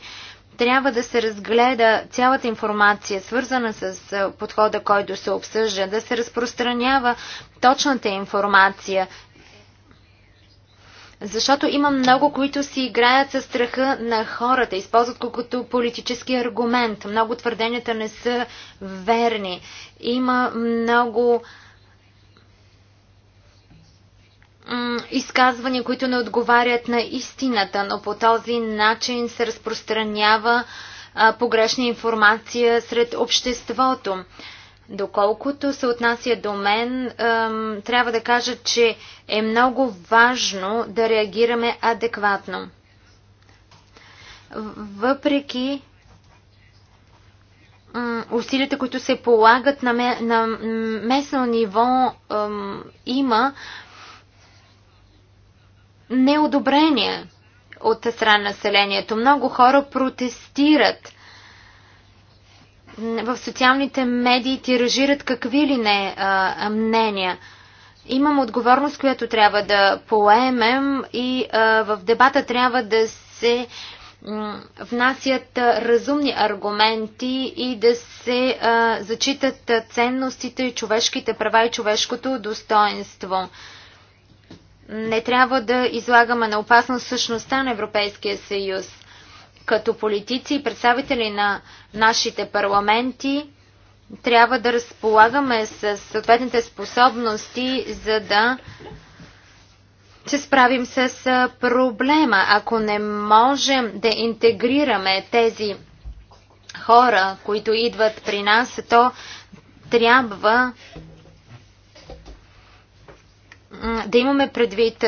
Трябва да се разгледа цялата информация, свързана с подхода, който се обсъжда, да се разпространява точната информация, защото има много, които си играят със страха на хората, използват го като политически аргумент. Много твърденията не са верни. Има много изказвания, които не отговарят на истината, но по този начин се разпространява погрешна информация сред обществото. Доколкото се отнася до мен, трябва да кажа, че е много важно да реагираме адекватно. Въпреки усилията, които се полагат на, местно ниво, има неодобрение от страна населението. Много хора протестират. В социалните медии тиражират какви ли не а, мнения. Имам отговорност, която трябва да поемем и а, в дебата трябва да се внасят разумни аргументи и да се а, зачитат ценностите, и човешките права и човешкото достоинство не трябва да излагаме на опасност същността на Европейския съюз. Като политици и представители на нашите парламенти трябва да разполагаме с съответните способности, за да се справим с проблема. Ако не можем да интегрираме тези хора, които идват при нас, то трябва да имаме предвид,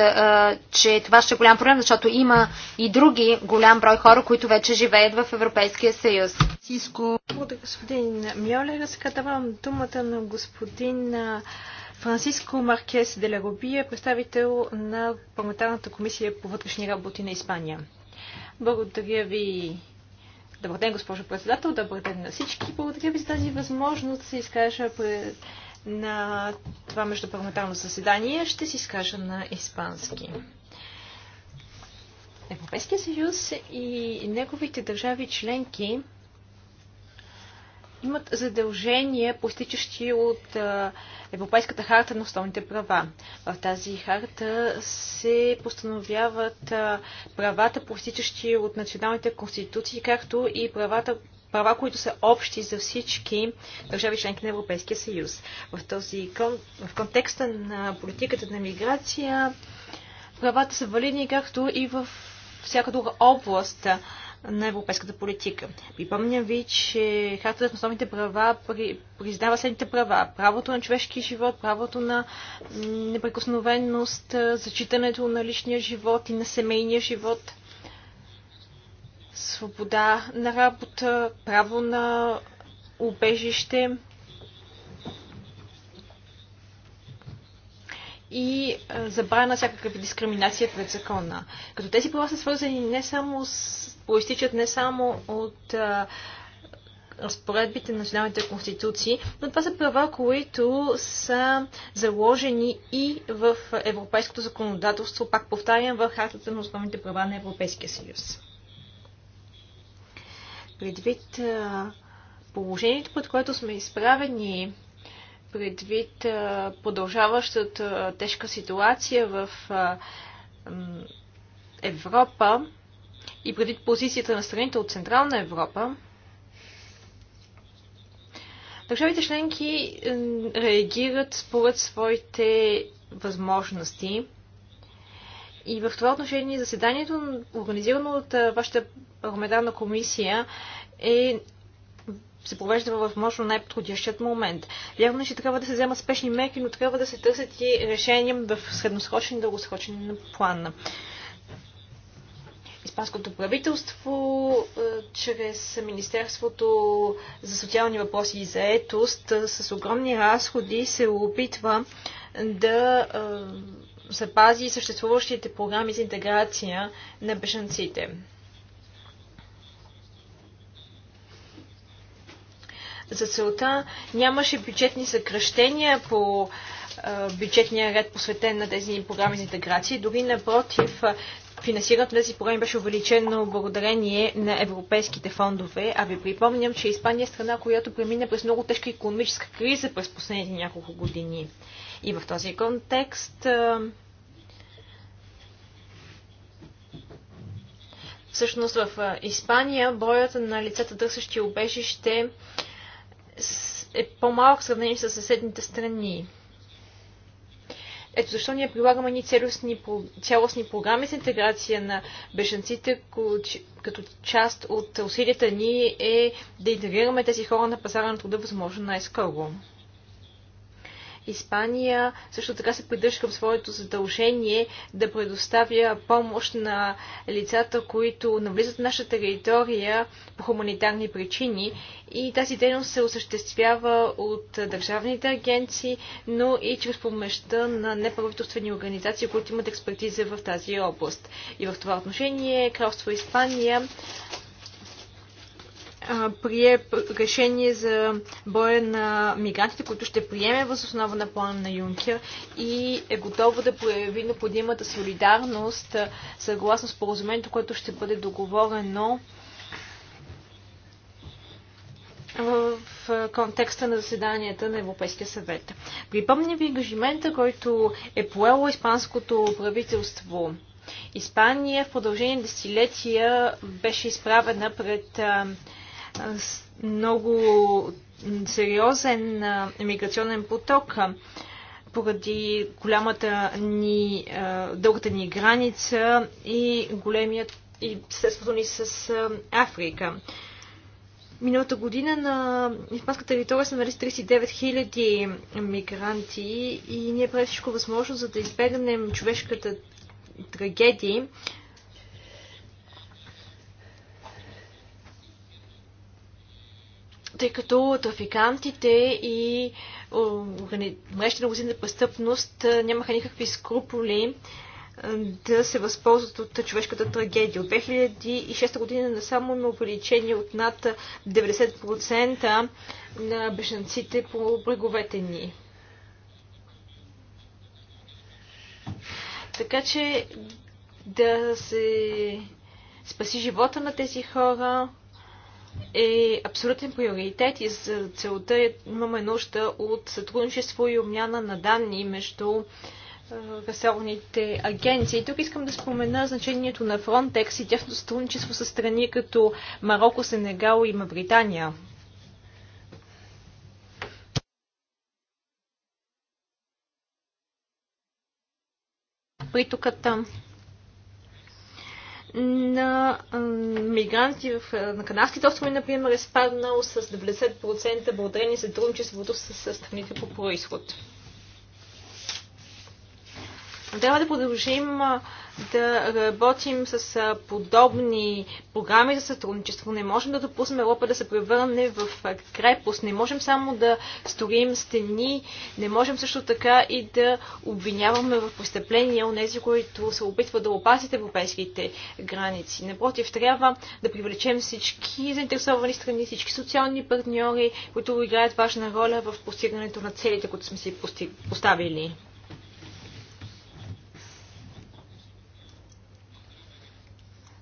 че това ще е голям проблем, защото има и други голям брой хора, които вече живеят в Европейския съюз. Сиско. Благодаря, господин Мьолер. Сега давам думата на господин Франциско Маркес де Лагобия, представител на парламентарната комисия по вътрешни работи на Испания. Благодаря ви, Добър ден, госпожо председател. Добър ден на всички. Благодаря ви за тази възможност да се изкажа пред на това междупарламентарно заседание, ще си скажа на испански. Европейския съюз и неговите държави членки имат задължения, постичащи от Европейската харта на основните права. В тази харта се постановяват правата, постичащи от националните конституции, както и правата, права, които са общи за всички държави членки на Европейския съюз. В, този, в контекста на политиката на миграция правата са валидни както и в всяка друга област на европейската политика. Припомням ви, че Хартата на основните права признава следните права. Правото на човешки живот, правото на неприкосновеност, зачитането на личния живот и на семейния живот, свобода на работа, право на убежище. и забрана всякакъв дискриминация пред закона. Като тези права са свързани не само с, проистичат не само от разпоредбите на националните конституции, но това са права, които са заложени и в европейското законодателство, пак повтарям, в хартата на основните права на Европейския съюз. Предвид положението, под което сме изправени, предвид продължаващата тежка ситуация в Европа и предвид позицията на страните от Централна Европа, държавите членки реагират според своите възможности. И в това отношение заседанието, организирано от вашата парламентарна комисия, е се провежда в възможно най-подходящият момент. Вярно, е, че трябва да се вземат спешни мерки, но трябва да се търсят и решения в средносрочен и дългосрочен план. Испанското правителство, чрез Министерството за социални въпроси и заетост, с огромни разходи се опитва да запази съществуващите програми за интеграция на бежанците. За целта нямаше бюджетни съкръщения по бюджетния ред, посветен на тези програми за интеграция. Дори напротив, финансирането на тези програми беше увеличено благодарение на европейските фондове. А ви припомням, че Испания е страна, която премина през много тежка економическа криза през последните няколко години. И в този контекст всъщност в Испания броят на лицата търсещи обежище е по-малък сравнение с съседните страни. Ето защо ние прилагаме ни цялостни, цялостни програми за интеграция на бешенците, като част от усилията ни е да интегрираме тези хора на пазара на труда възможно най-скоро. Испания също така се придържа към своето задължение да предоставя помощ на лицата, които навлизат в нашата територия по хуманитарни причини. И тази дейност се осъществява от държавните агенции, но и чрез помощта на неправителствени организации, които имат експертиза в тази област. И в това отношение Кралство Испания прие решение за боя на мигрантите, които ще приеме въз основа на плана на Юнкер и е готово да прояви необходимата солидарност съгласно споразумението, което ще бъде договорено в контекста на заседанията на Европейския съвет. Припомня ви ангажимента, който е поело испанското правителство. Испания в продължение на десетилетия беше изправена пред много сериозен емиграционен поток поради голямата ни, дългата ни граница и големият и следството ни с Африка. Миналата година на испанска територия са нали 39 000 мигранти и ние правим всичко възможно, за да избегнем човешката трагедия. тъй като трафикантите и мрежите на организирана престъпност нямаха никакви скруполи да се възползват от човешката трагедия. От 2006 година насам има увеличение от над 90% на бежанците по бреговете ни. Така че да се спаси живота на тези хора е абсолютен приоритет и за целта имаме нужда от сътрудничество и обмяна на данни между ресорните агенции. Тук искам да спомена значението на Frontex и тяхното сътрудничество с страни като Марокко, Сенегал и Мавритания. там на мигранти в, на Канарските острови, например, е спаднал с 90% благодарение сътрудничеството с страните по происход трябва да продължим да работим с подобни програми за сътрудничество. Не можем да допуснем Европа да се превърне в крепост. Не можем само да строим стени. Не можем също така и да обвиняваме в престъпления у нези, които се опитват да опазят европейските граници. Напротив, трябва да привлечем всички заинтересовани страни, всички социални партньори, които играят важна роля в постигането на целите, които сме си поставили.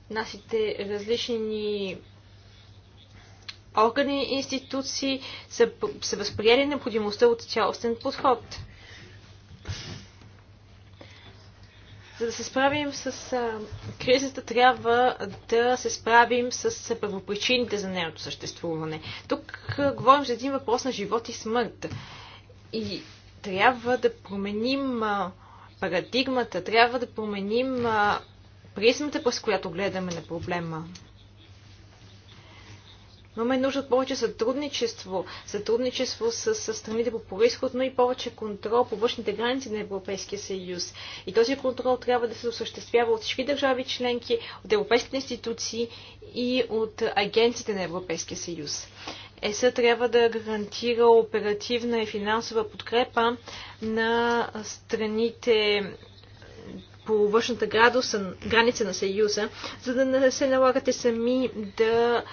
нашите различни органи и институции са, са възприели необходимостта от цялостен подход. За да се справим с а, кризата, трябва да се справим с първопричините за нейното съществуване. Тук а, говорим за един въпрос на живот и смърт. И трябва да променим а, парадигмата, трябва да променим а, призмата, през която гледаме на проблема. Имаме нужда от повече сътрудничество, сътрудничество с, с страните по происход, но и повече контрол по външните граници на Европейския съюз. И този контрол трябва да се осъществява от всички държави членки, от европейските институции и от агенциите на Европейския съюз. ЕСА трябва да гарантира оперативна и финансова подкрепа на страните по външната градуса, граница на Съюза, за да не се налагате сами да,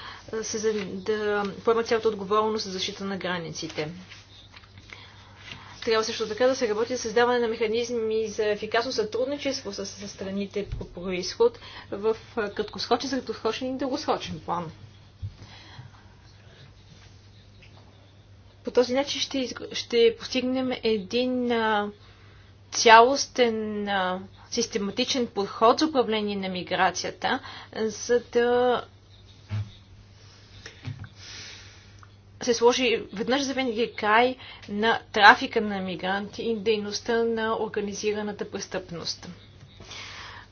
да, да поемат цялата отговорност за защита на границите. Трябва също така да се работи за създаване на механизми за ефикасно сътрудничество с, с страните по происход в краткосрочен, средосрочен и дългосрочен план. По този начин ще, ще постигнем един а, цялостен а, систематичен подход за управление на миграцията, за да се сложи веднъж за винаги край на трафика на мигранти и дейността на организираната престъпност.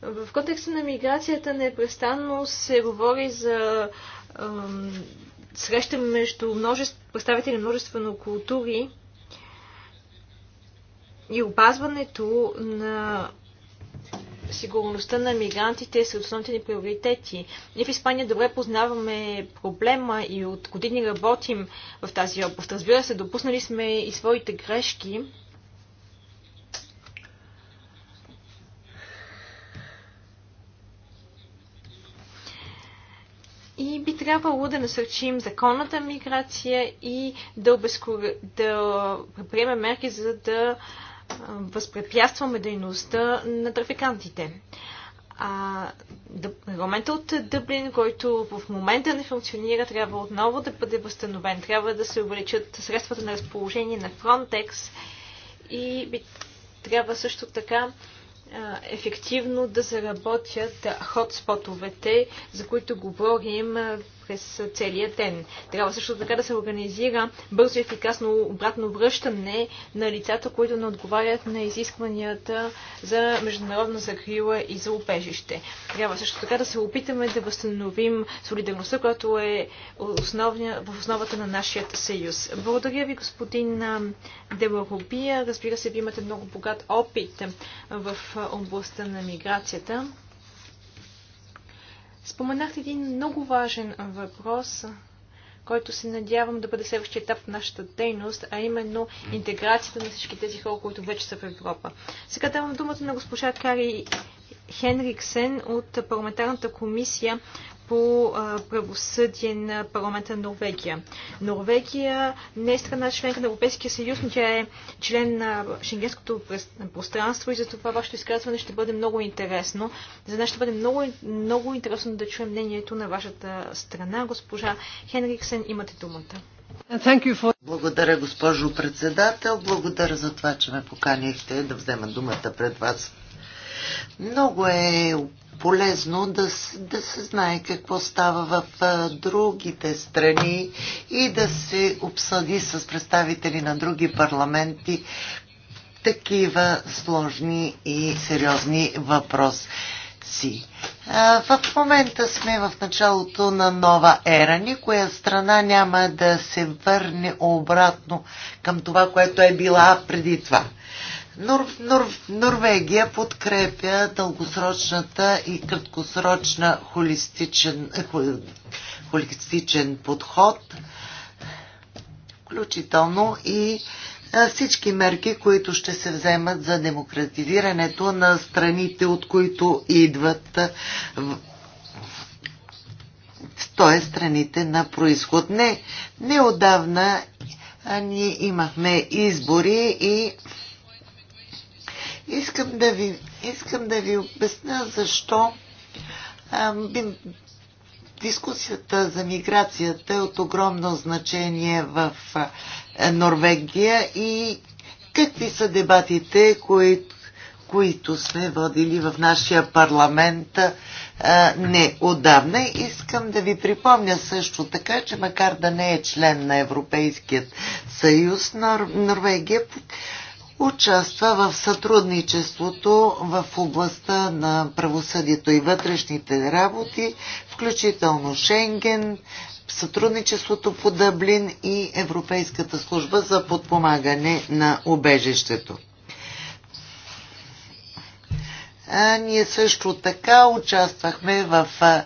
В контекста на миграцията непрестанно се говори за е, среща между множество, представители на култури и опазването на сигурността на мигрантите са основните ни приоритети. Ние в Испания добре познаваме проблема и от години работим в тази област. Разбира се, допуснали сме и своите грешки. И би трябвало да насърчим законната миграция и да, обезкор... да приемем мерки, за да възпрепятстваме дейността на трафикантите. А регламента от Дъблин, който в момента не функционира, трябва отново да бъде възстановен. Трябва да се увеличат средствата на разположение на Frontex и би, трябва също така ефективно да заработят хотспотовете, за които говорим през целия ден. Трябва също така да се организира бързо и ефикасно обратно връщане на лицата, които не отговарят на изискванията за международна закрила и за обежище. Трябва също така да се опитаме да възстановим солидарността, която е в основата на нашия съюз. Благодаря ви, господин Деларубия. Разбира се, ви имате много богат опит в областта на миграцията. Споменахте един много важен въпрос, който се надявам да бъде следващия етап в нашата дейност, а именно интеграцията на всички тези хора, които вече са в Европа. Сега давам думата на госпожа Кари Хенриксен от парламентарната комисия по правосъдие на парламента на Норвегия. Норвегия не е страна членка на Европейския съюз, но тя е член на шенгенското пространство и затова вашето изказване ще бъде много интересно. За нас ще бъде много, много интересно да чуем мнението на вашата страна. Госпожа Хенриксен, имате думата. Благодаря, госпожо председател. Благодаря за това, че ме поканихте да взема думата пред вас. Много е полезно да, да се знае какво става в другите страни и да се обсъди с представители на други парламенти такива сложни и сериозни въпроси В момента сме в началото на нова ера. Никоя страна няма да се върне обратно към това, което е била преди това. Нор, Нор, Норвегия подкрепя дългосрочната и краткосрочна холистичен, холистичен подход, включително и всички мерки, които ще се вземат за демократизирането на страните, от които идват т.е. страните на происход. Не, неодавна ние имахме избори и Искам да ви, искам да ви обясня защо а, би, дискусията за миграцията е от огромно значение в а, Норвегия и какви са дебатите, които които сме водили в нашия парламент а, не отдавна. Искам да ви припомня също така, че макар да не е член на Европейският съюз, Нор... Норвегия участва в сътрудничеството в областта на правосъдието и вътрешните работи, включително Шенген, сътрудничеството по Дъблин и Европейската служба за подпомагане на убежището. А, ние също така участвахме в а,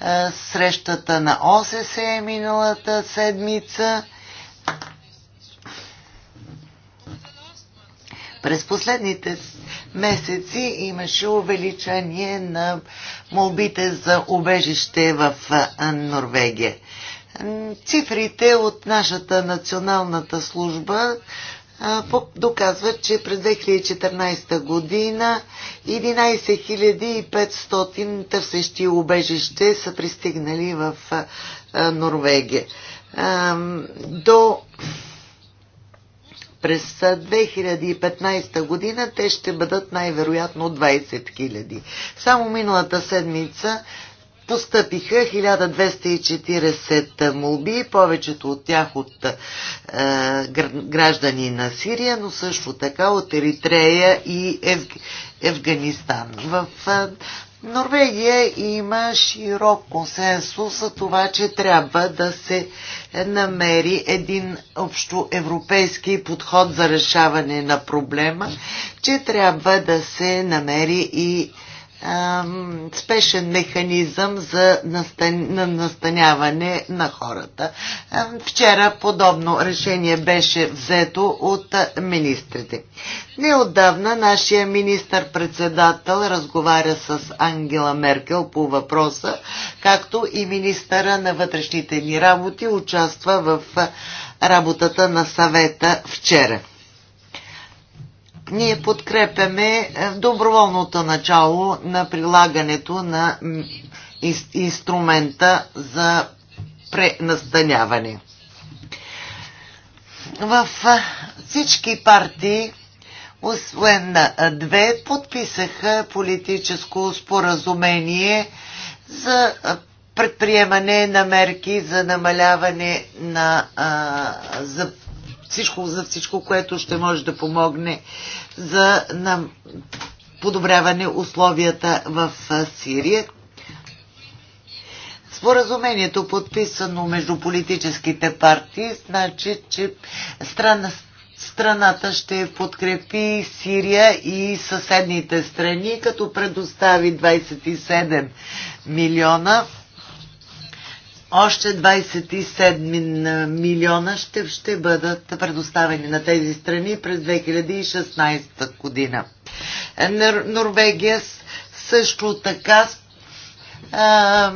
а, срещата на ОССЕ миналата седмица През последните месеци имаше увеличение на молбите за убежище в Норвегия. Цифрите от нашата националната служба доказват, че през 2014 година 11500 търсещи убежище са пристигнали в Норвегия. До през 2015 година те ще бъдат най-вероятно 20 000. Само миналата седмица постъпиха 1240 молби, повечето от тях от е, граждани на Сирия, но също така от Еритрея и Ев, Афганистан. В е, Норвегия има широк консенсус за това, че трябва да се намери един общо европейски подход за решаване на проблема, че трябва да се намери и спешен механизъм за настаняване на хората. Вчера подобно решение беше взето от министрите. Неотдавна нашия министър-председател разговаря с Ангела Меркел по въпроса, както и министъра на вътрешните ни работи участва в работата на съвета вчера. Ние подкрепяме е, доброволното начало на прилагането на инструмента за пренастаняване. В е, всички партии, освен на е, две, подписаха политическо споразумение за предприемане на мерки за намаляване на а, за всичко, за всичко, което ще може да помогне за на подобряване условията в Сирия. Споразумението, подписано между политическите партии, значи, че страна, страната ще подкрепи Сирия и съседните страни, като предостави 27 милиона още 27 милиона ще, ще бъдат предоставени на тези страни през 2016 година. Нор, Норвегия също така а,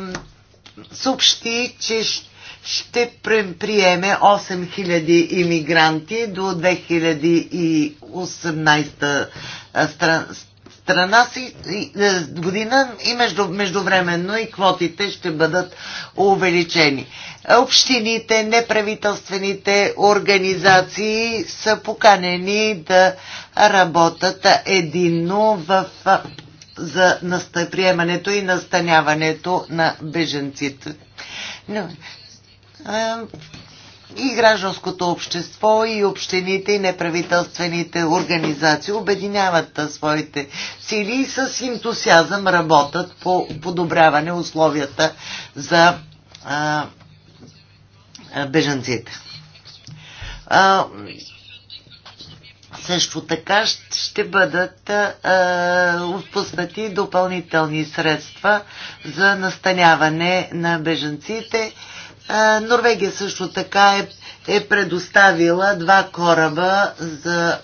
съобщи, че ще приеме 8000 иммигранти до 2018 страна страна си, е, година и между, междувременно и квотите ще бъдат увеличени. Общините, неправителствените организации са поканени да работят единно в за приемането и настаняването на беженците. Но, е, и гражданското общество, и общините, и неправителствените организации обединяват своите сили и с ентусиазъм работят по подобряване условията за а, бежанците. А, също така ще бъдат а, отпуснати допълнителни средства за настаняване на бежанците Норвегия също така е, е предоставила два кораба за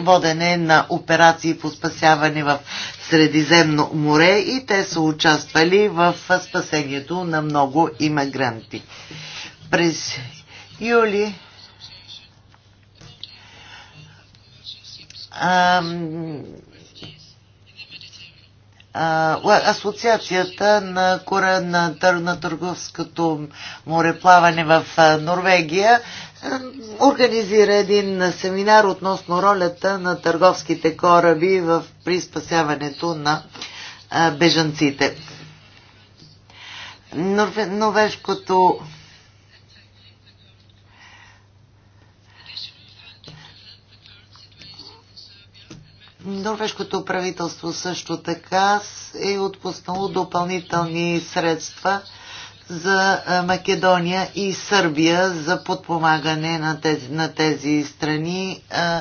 водене на операции по спасяване в Средиземно море и те са участвали в спасението на много иммигранти. През юли а, Асоциацията на кора на, на търговското мореплаване в Норвегия организира един семинар относно ролята на търговските кораби в при спасяването на бежанците. Норвежкото Норвежкото правителство също така е отпуснало допълнителни средства за Македония и Сърбия за подпомагане на тези, на тези страни а,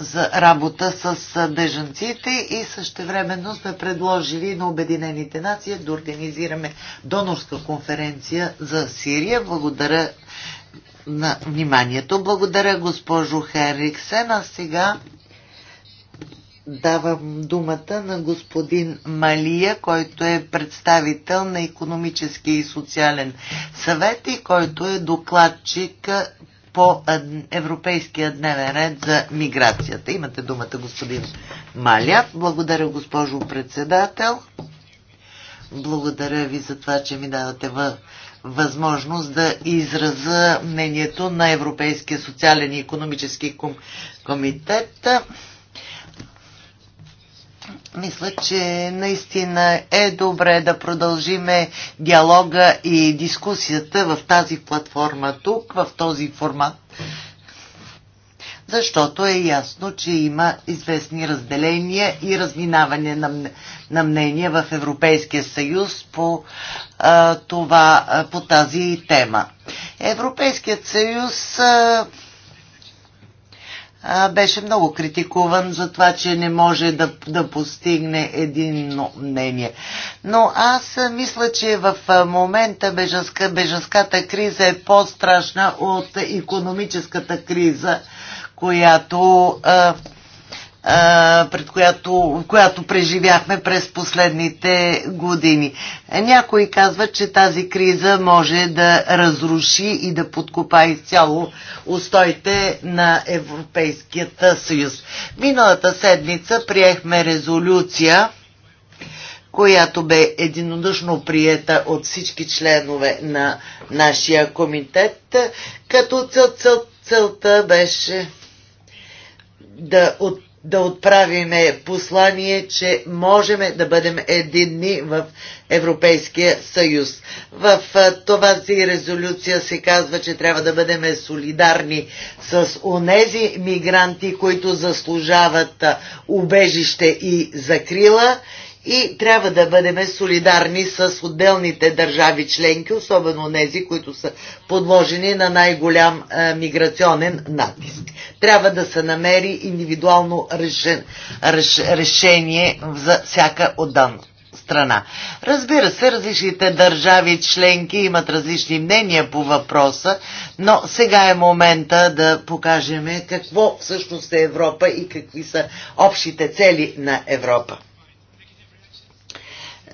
за работа с бежанците и същевременно сме предложили на Обединените нации да организираме донорска конференция за Сирия. Благодаря на вниманието. Благодаря, госпожо Хериксен. А сега давам думата на господин Малия, който е представител на економическия и социален съвет и който е докладчик по Европейския дневен ред за миграцията. Имате думата, господин Маля. Благодаря, госпожо председател. Благодаря ви за това, че ми давате възможност да израза мнението на Европейския социален и економически ком... комитет. Мисля, че наистина е добре да продължиме диалога и дискусията в тази платформа тук, в този формат, защото е ясно, че има известни разделения и разминаване на, мнения в Европейския съюз по това по тази тема. Европейският съюз беше много критикуван за това, че не може да, да постигне единно мнение. Но аз мисля, че в момента бежанска, бежанската криза е по-страшна от економическата криза, която а, пред която, която преживяхме през последните години. Някои казват, че тази криза може да разруши и да подкопа изцяло устоите на Европейският съюз. Миналата седмица приехме резолюция която бе единодушно приета от всички членове на нашия комитет, като цел, цел, целта беше да от да отправиме послание, че можем да бъдем единни в Европейския съюз. В това си резолюция се казва, че трябва да бъдем солидарни с онези мигранти, които заслужават убежище и закрила и трябва да бъдем солидарни с отделните държави членки, особено тези, които са подложени на най-голям е, миграционен натиск. Трябва да се намери индивидуално решен, реш, решение за всяка отдана страна. Разбира се, различните държави членки имат различни мнения по въпроса, но сега е момента да покажем какво всъщност е Европа и какви са общите цели на Европа.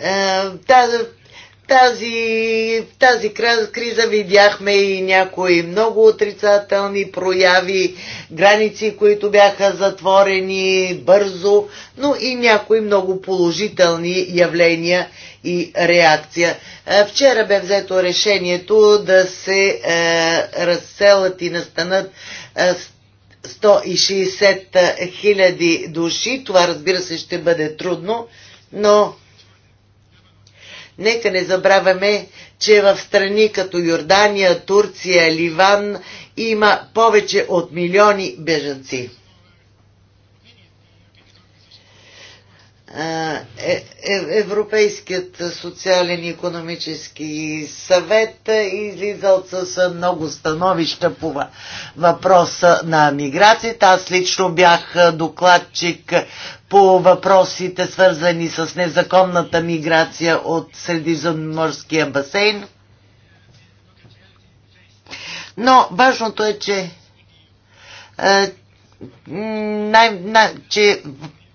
Е, тази, тази, тази криза видяхме и някои много отрицателни прояви, граници, които бяха затворени бързо, но и някои много положителни явления и реакция. Е, вчера бе взето решението да се е, разселят и настанат е, 160 хиляди души. Това разбира се ще бъде трудно, но Нека не забравяме, че в страни като Йордания, Турция, Ливан има повече от милиони бежанци. Е, е, Европейският социален и економически съвет е излизал с много становища по въпроса на миграцията. Аз лично бях докладчик по въпросите, свързани с незаконната миграция от Средиземноморския басейн. Но важното е, че, е, най, най, че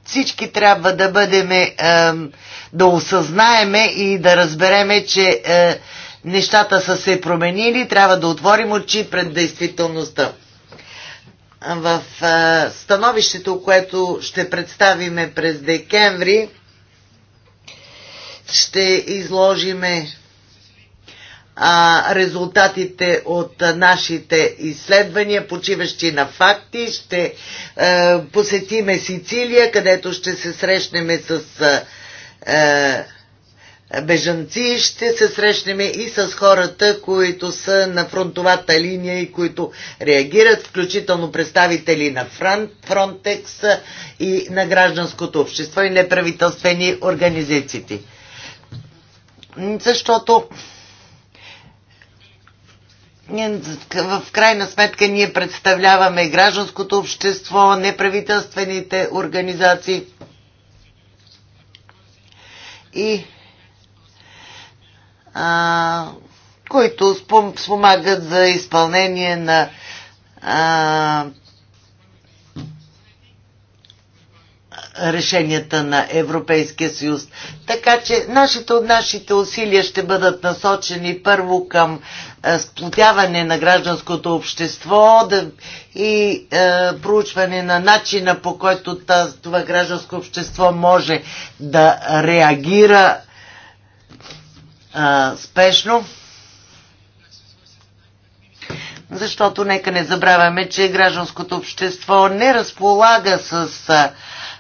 всички трябва да бъдем, е, да осъзнаеме и да разбереме, че е, нещата са се променили, трябва да отворим очи пред действителността в становището, което ще представиме през декември, ще изложиме резултатите от нашите изследвания, почиващи на факти. Ще посетиме Сицилия, където ще се срещнем с бежанци, ще се срещнем и с хората, които са на фронтовата линия и които реагират, включително представители на Фронтекс и на гражданското общество и неправителствени организации. Защото в крайна сметка ние представляваме гражданското общество, неправителствените организации и а, които спом, спомагат за изпълнение на а, решенията на Европейския съюз. Така че нашите, от нашите усилия ще бъдат насочени първо към е, сплотяване на гражданското общество да, и е, проучване на начина по който това гражданско общество може да реагира а, спешно. Защото нека не забравяме, че гражданското общество не разполага с а,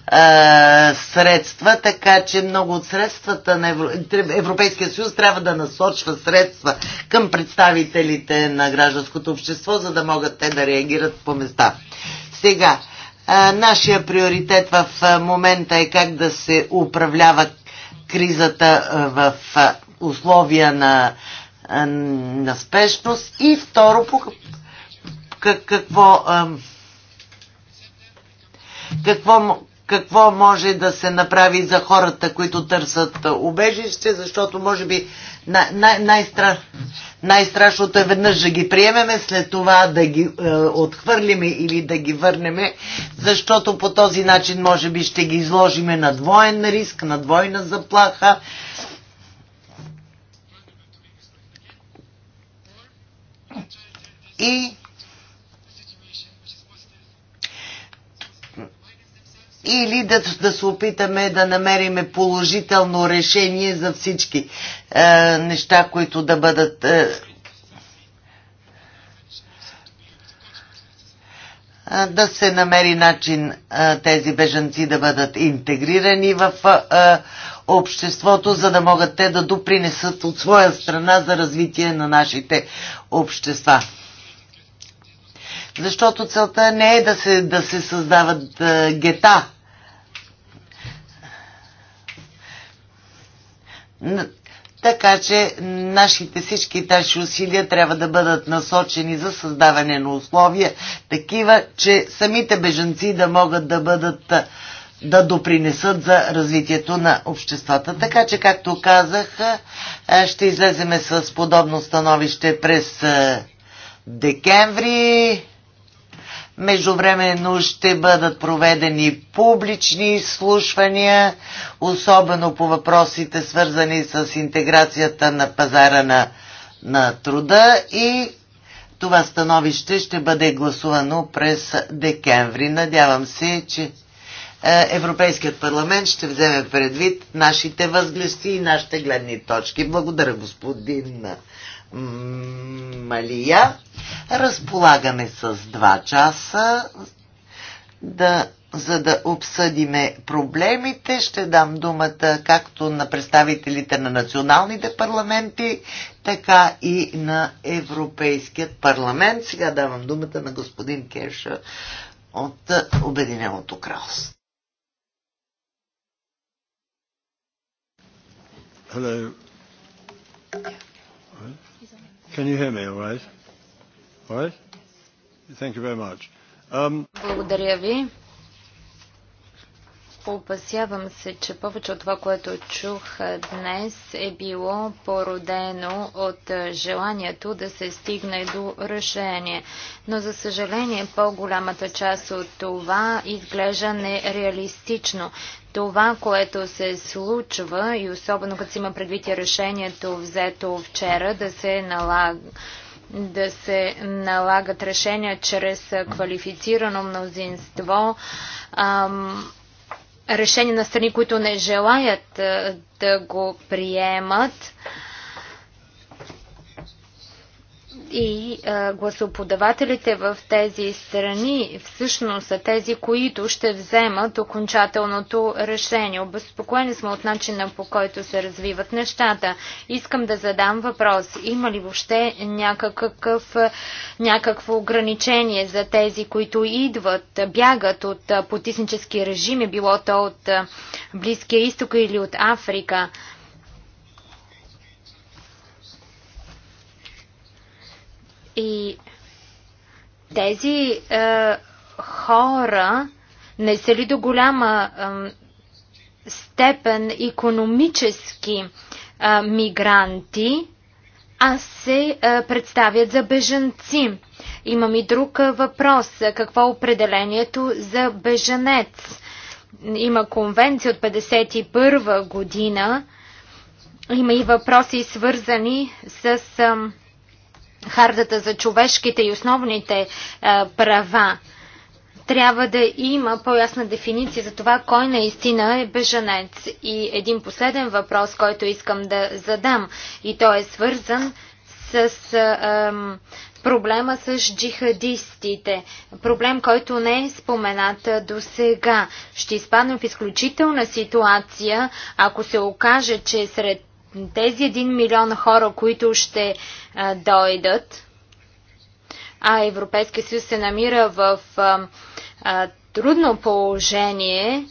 а, средства, така че много от средствата на Европейския съюз трябва да насочва средства към представителите на гражданското общество, за да могат те да реагират по места. Сега, а, нашия приоритет в момента е как да се управлява кризата в условия на, на спешност и второ по какво, какво, какво може да се направи за хората, които търсят убежище, защото може би най- най- най най е веднъж да ги приемеме, след това да ги е, отхвърлиме или да ги върнеме, защото по този начин може би ще ги изложиме на двоен риск, на двойна заплаха и или да, да се опитаме да намериме положително решение за всички е, неща, които да бъдат. Е, да се намери начин е, тези бежанци да бъдат интегрирани в е, обществото, за да могат те да допринесат от своя страна за развитие на нашите общества. Защото целта не е да се, да се създават а, е, гета. Така че нашите всички тази усилия трябва да бъдат насочени за създаване на условия, такива, че самите бежанци да могат да бъдат е, да допринесат за развитието на обществата. Така че, както казах, е, ще излеземе с подобно становище през декември. Междувременно ще бъдат проведени публични изслушвания, особено по въпросите свързани с интеграцията на пазара на, на труда и това становище ще бъде гласувано през декември. Надявам се, че е, Европейският парламент ще вземе предвид нашите възгледи и нашите гледни точки. Благодаря, господин Малия. Разполагаме с два часа да за да обсъдиме проблемите. Ще дам думата както на представителите на националните парламенти, така и на Европейският парламент. Сега давам думата на господин Кеша от Обединеното кралство. Hello. Can you hear me all right? All right? Thank you very much. Um... Благодаря ви. Опасявам се, че повече от това, което чух днес, е било породено от е, желанието да се стигне до решение. Но, за съжаление, по-голямата част от това изглежда нереалистично. Това, което се случва, и особено като има предвид и решението взето вчера, да се налага да се налагат решения чрез квалифицирано мнозинство, ам, решение на страни, които не желаят да го приемат и гласоподавателите в тези страни всъщност са тези, които ще вземат окончателното решение. Обезпокоени сме от начина по който се развиват нещата. Искам да задам въпрос. Има ли въобще някакъв, някакво ограничение за тези, които идват, бягат от потиснически режими, било то от Близкия изток или от Африка? И тези е, хора не са ли до голяма е, степен економически е, мигранти, а се е, представят за бежанци? Имам и друг е, въпрос. Какво е определението за бежанец? Има конвенция от 1951 година. Има и въпроси свързани с. Е, хардата за човешките и основните е, права. Трябва да има по-ясна дефиниция за това кой наистина е бежанец. И един последен въпрос, който искам да задам, и той е свързан с а, е, проблема с джихадистите. Проблем, който не е споменат до сега. Ще изпадна в изключителна ситуация, ако се окаже, че сред тези 1 милион хора, които ще а, дойдат, а Европейския съюз се намира в а, а, трудно положение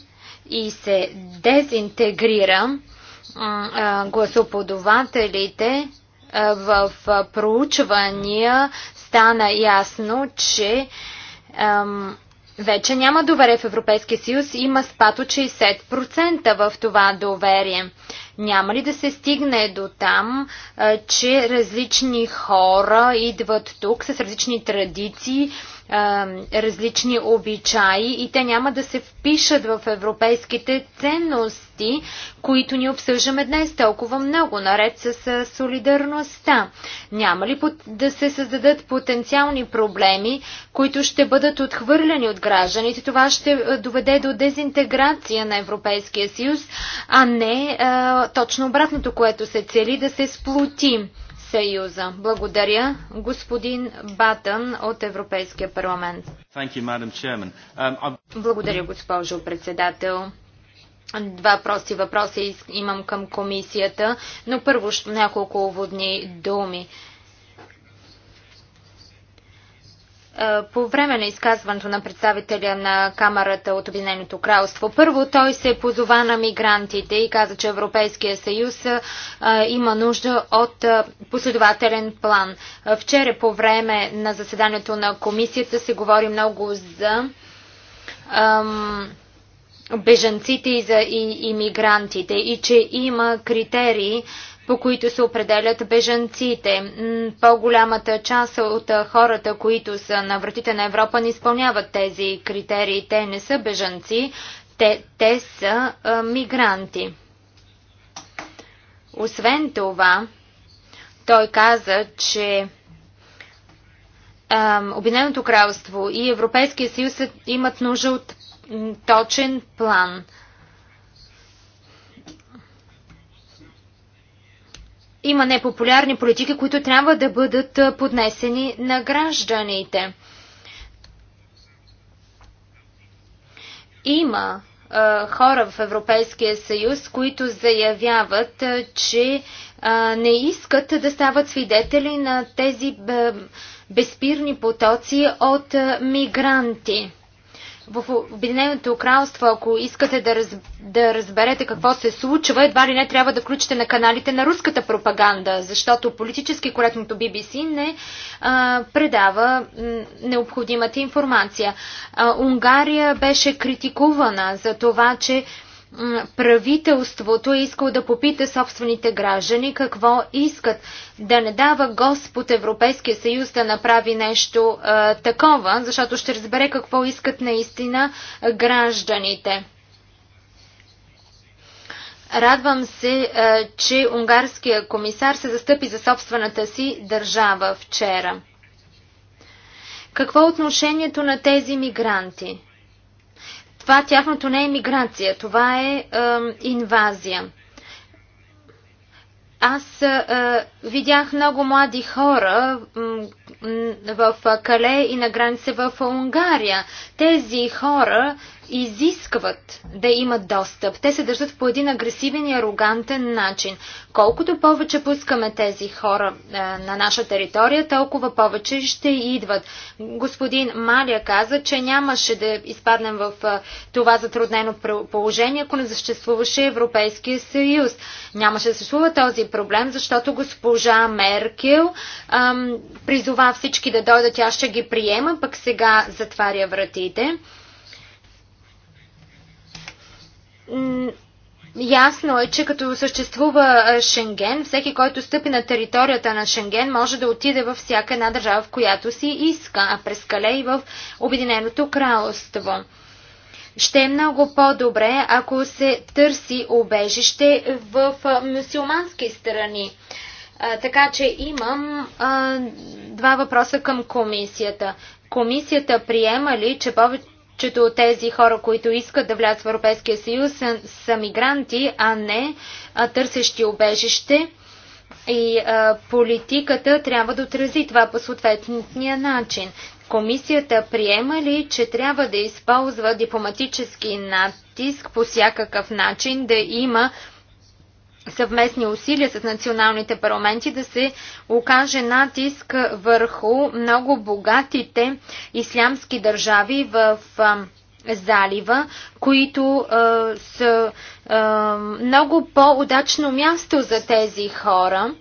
и се дезинтегрира, а, гласоподавателите в проучвания стана ясно, че а, вече няма доверие в Европейския съюз, има спад от 60% в това доверие. Няма ли да се стигне до там, че различни хора идват тук с различни традиции, различни обичаи и те няма да се впишат в европейските ценности, които ни обсъждаме днес толкова много, наред с солидарността. Няма ли да се създадат потенциални проблеми, които ще бъдат отхвърлени от гражданите? Това ще доведе до дезинтеграция на Европейския съюз, а не точно обратното, което се цели да се сплоти. Съюза. Благодаря, господин Батън от Европейския парламент. Um, Благодаря, госпожо председател. Два прости въпроса имам към комисията, но първо няколко уводни думи. по време на изказването на представителя на Камерата от Обединеното кралство. Първо той се позова на мигрантите и каза, че Европейския съюз има нужда от последователен план. Вчера по време на заседанието на комисията се говори много за ам, бежанците и за и, иммигрантите и че има критерии по които се определят бежанците. По-голямата част от хората, които са на вратите на Европа, не изпълняват тези критерии. Те не са бежанци, те, те са а, мигранти. Освен това, той каза, че Обединеното кралство и Европейския съюз имат нужда от точен план – има непопулярни политики, които трябва да бъдат поднесени на гражданите. Има хора в Европейския съюз, които заявяват, че не искат да стават свидетели на тези безпирни потоци от мигранти в Обединеното кралство, ако искате да, раз, да разберете какво се случва, едва ли не трябва да включите на каналите на руската пропаганда, защото политически коректното BBC не а, предава необходимата информация. А, Унгария беше критикувана за това, че правителството е искал да попита собствените граждани какво искат. Да не дава Господ Европейския съюз да направи нещо е, такова, защото ще разбере какво искат наистина гражданите. Радвам се, е, че унгарския комисар се застъпи за собствената си държава вчера. Какво е отношението на тези мигранти? Това тяхното не е миграция, това е, е инвазия. Аз е, Видях много млади хора в Кале и на граница в Унгария. Тези хора изискват да имат достъп. Те се държат по един агресивен и арогантен начин. Колкото повече пускаме тези хора е, на наша територия, толкова повече ще идват. Господин Малия каза, че нямаше да изпаднем в е, това затруднено положение, ако не съществуваше Европейския съюз. Нямаше да съществува този проблем, защото господин госпожа Меркел ам, призова всички да дойдат, тя ще ги приема, пък сега затваря вратите. Ясно е, че като съществува Шенген, всеки, който стъпи на територията на Шенген, може да отиде във всяка една държава, в която си иска, а през Кале и в Обединеното кралство. Ще е много по-добре, ако се търси обежище в мусулмански страни така че имам два въпроса към комисията. Комисията приема ли, че повечето от тези хора, които искат да влязат в Европейския съюз, са, са мигранти, а не а, търсещи обежище? И а, политиката трябва да отрази това по съответния начин. Комисията приема ли, че трябва да използва дипломатически натиск по всякакъв начин, да има съвместни усилия с националните парламенти да се окаже натиск върху много богатите ислямски държави в залива, които е, са е, много по-удачно място за тези хора,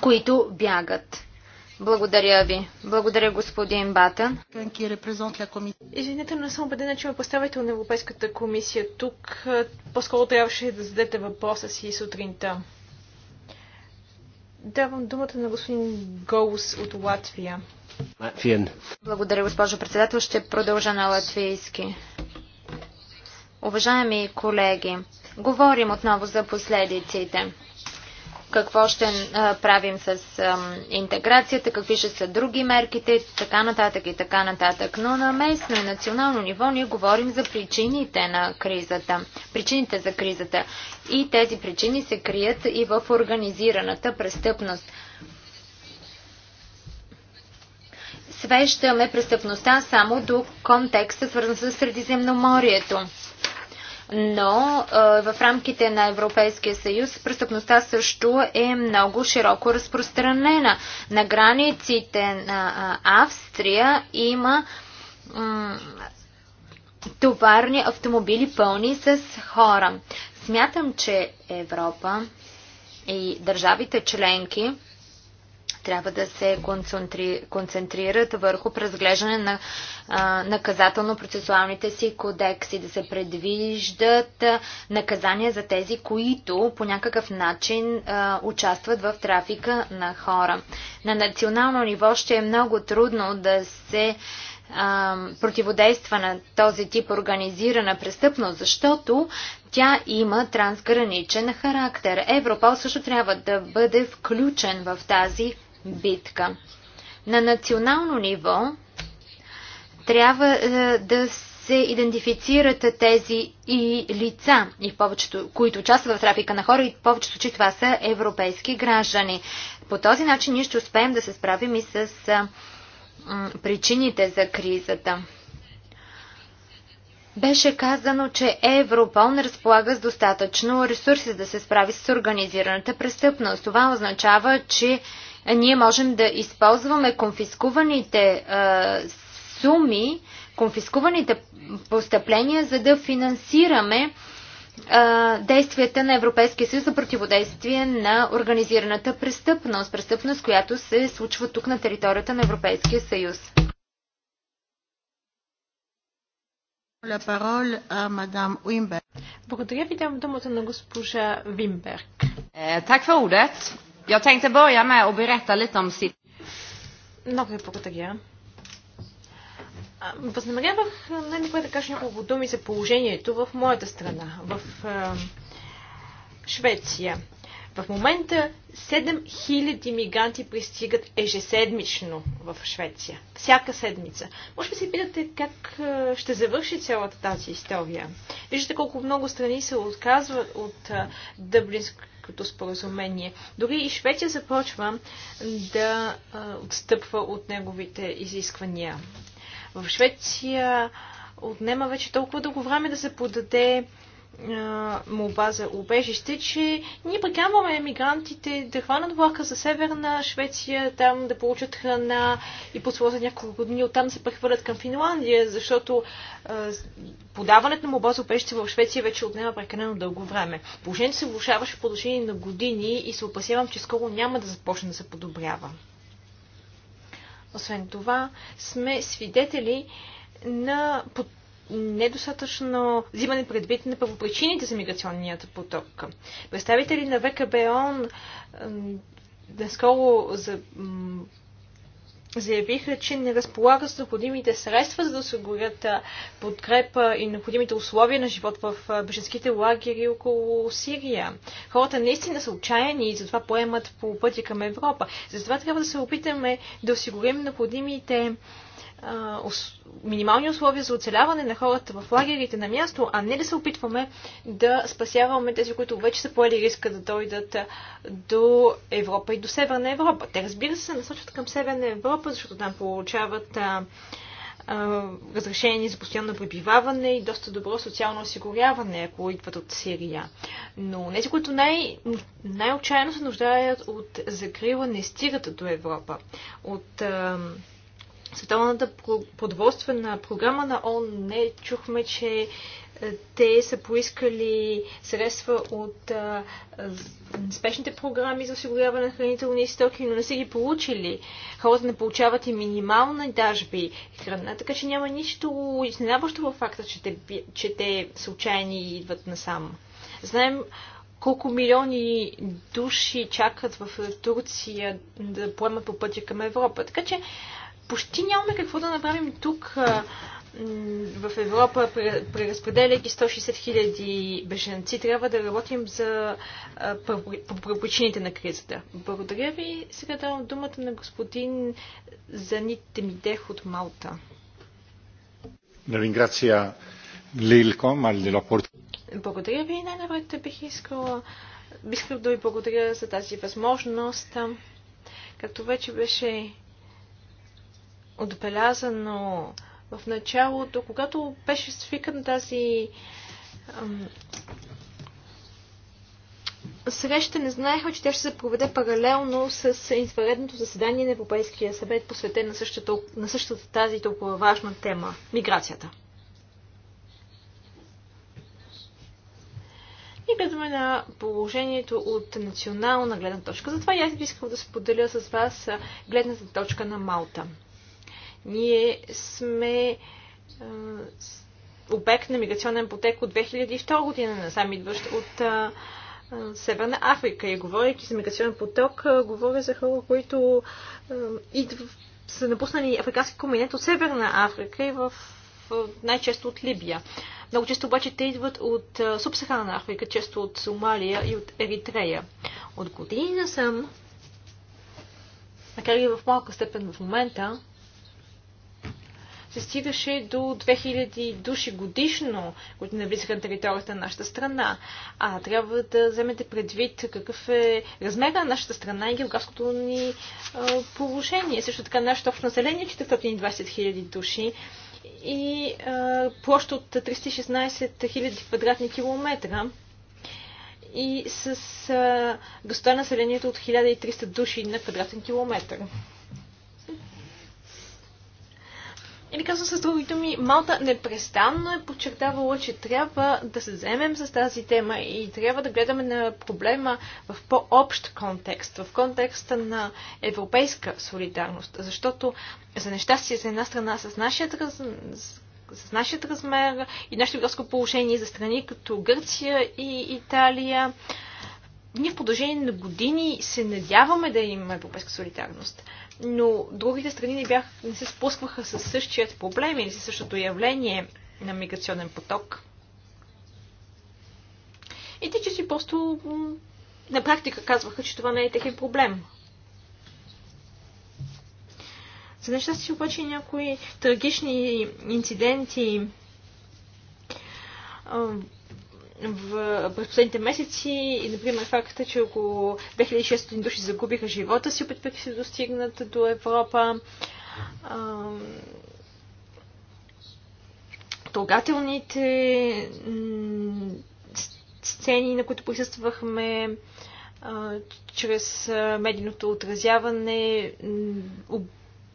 които бягат. Благодаря ви. Благодаря, господин Батън. Извинете, но съм убедена, че ме представител на Европейската комисия тук. По-скоро трябваше да зададете въпроса си сутринта. Давам думата на господин Голус от Латвия. Латвиен. Благодаря, госпожо председател. Ще продължа на латвийски. Уважаеми колеги, говорим отново за последиците какво ще правим с интеграцията, какви ще са други мерките така нататък и така нататък. Но на местно и национално ниво ние говорим за причините на кризата, причините за кризата. И тези причини се крият и в организираната престъпност. Свещаме престъпността само до контекста, свързан с Средиземноморието но в рамките на Европейския съюз престъпността също е много широко разпространена. На границите на Австрия има товарни автомобили пълни с хора. Смятам, че Европа и държавите членки трябва да се концентрират върху разглеждане на наказателно-процесуалните си кодекси, да се предвиждат наказания за тези, които по някакъв начин участват в трафика на хора. На национално ниво ще е много трудно да се противодейства на този тип организирана престъпност, защото тя има трансграничен характер. Европол също трябва да бъде включен в тази битка. На национално ниво трябва е, да се идентифицират тези и лица, и повечето, които участват в трафика на хора, и повечето че това са европейски граждани. По този начин ние ще успеем да се справим и с причините за кризата. Беше казано, че Европол не разполага с достатъчно ресурси да се справи с организираната престъпност. Това означава, че ние можем да използваме конфискуваните суми, конфискуваните постъпления, за да финансираме действията на Европейския съюз за противодействие на организираната престъпност, престъпност, която се случва тук на територията на Европейския съюз. Благодаря ви, дам думата на госпожа Вимберг. Е, така för е Jag tänkte börja med att berätta lite om sitt... Много ви благодаря. Възнамерявах най-добре да кажа няколко думи за положението в моята страна, в а, Швеция. В момента 7000 мигранти пристигат ежеседмично в Швеция. Всяка седмица. Може би се питате как ще завърши цялата тази история. Виждате колко много страни се отказват от Дъблинск като споразумение. Дори и Швеция започва да отстъпва от неговите изисквания. В Швеция отнема вече толкова дълго време да се подаде молба за убежище, че ние приканваме емигрантите да хванат влака за северна Швеция, там да получат храна и по за няколко дни оттам се прехвърлят към Финландия, защото е, подаването на молба за убежище в Швеция вече отнема прекалено дълго време. Положението се влушаваше в продължение на години и се опасявам, че скоро няма да започне да се подобрява. Освен това, сме свидетели на под недостатъчно взимане предвид на първопричините за миграционният поток. Представители на ООН наскоро за, заявиха, че не разполагат с необходимите средства, за да осигурят подкрепа и необходимите условия на живот в беженските лагери около Сирия. Хората наистина са отчаяни и затова поемат по пътя към Европа. Затова трябва да се опитаме да осигурим необходимите минимални условия за оцеляване на хората в лагерите на място, а не да се опитваме да спасяваме тези, които вече са поели риска да дойдат до Европа и до Северна Европа. Те разбира се насочват към Северна Европа, защото там получават а, разрешение за постоянно пребиваване и доста добро социално осигуряване, ако идват от Сирия. Но тези, които най- най-отчаяно се нуждаят от закрила, не стигат до Европа. От а, Световната подводствена програма на ООН чухме, че е, те са поискали средства от а, е, спешните програми за осигуряване на хранителни стоки, но не са ги получили. Хората не получават и минимални дажби храна, така че няма нищо изненадващо във факта, че те, че те случайни и идват насам. Знаем колко милиони души чакат в Турция да поемат по пътя към Европа. Така че почти нямаме какво да направим тук в Европа, преразпределяйки 160 хиляди беженци, трябва да работим за причините на кризата. Благодаря ви. Сега давам думата на господин Занит Темидех от Малта. Благодаря ви. Най-напред бих искала искал да ви благодаря за тази възможност. Както вече беше отбелязано в началото, когато беше свикан тази среща, не знаеха, че тя ще се проведе паралелно с извънредното заседание на Европейския съвет, посветен на същата, на същата тази толкова важна тема – миграцията. и гледаме на положението от национална гледна точка. Затова и аз искам да споделя с вас гледната точка на Малта. Ние сме обект на миграционен потек от 2002 година насам, идващ от а, а, Северна Африка. И говоряки за миграционен поток, а, говоря за хора, които а, идв... са напуснали африкански континент от Северна Африка и в, в най-често от Либия. Много често обаче те идват от Субсахарна Африка, често от Сомалия и от Еритрея. От години съм, макар и в малка степен в момента, се стигаше до 2000 души годишно, които навлизаха на територията на нашата страна. А трябва да вземете предвид какъв е размера на нашата страна и географското ни положение. Също така нашето общо население е 420 000 души и а, площ от 316 000 квадратни километра и с а, населението от 1300 души на квадратен километър. Или казвам с други думи, Малта непрестанно е подчертавала, че трябва да се заемем с тази тема и трябва да гледаме на проблема в по-общ контекст, в контекста на европейска солидарност. Защото за нещастие за една страна с нашия раз... с нашия размер и нашето географско положение за страни като Гърция и Италия. Ние в продължение на години се надяваме да имаме европейска солидарност но другите страни не, бях, не се спускваха с същият проблем или със същото явление на миграционен поток. И те, че си просто на практика казваха, че това не е техен проблем. За нещастие обаче някои трагични инциденти в, през последните месеци и, например, факта, е, че около 2600 души загубиха живота си, опитвайки се достигнат до Европа. Тогателните сцени, на които присъствахме, чрез медийното отразяване,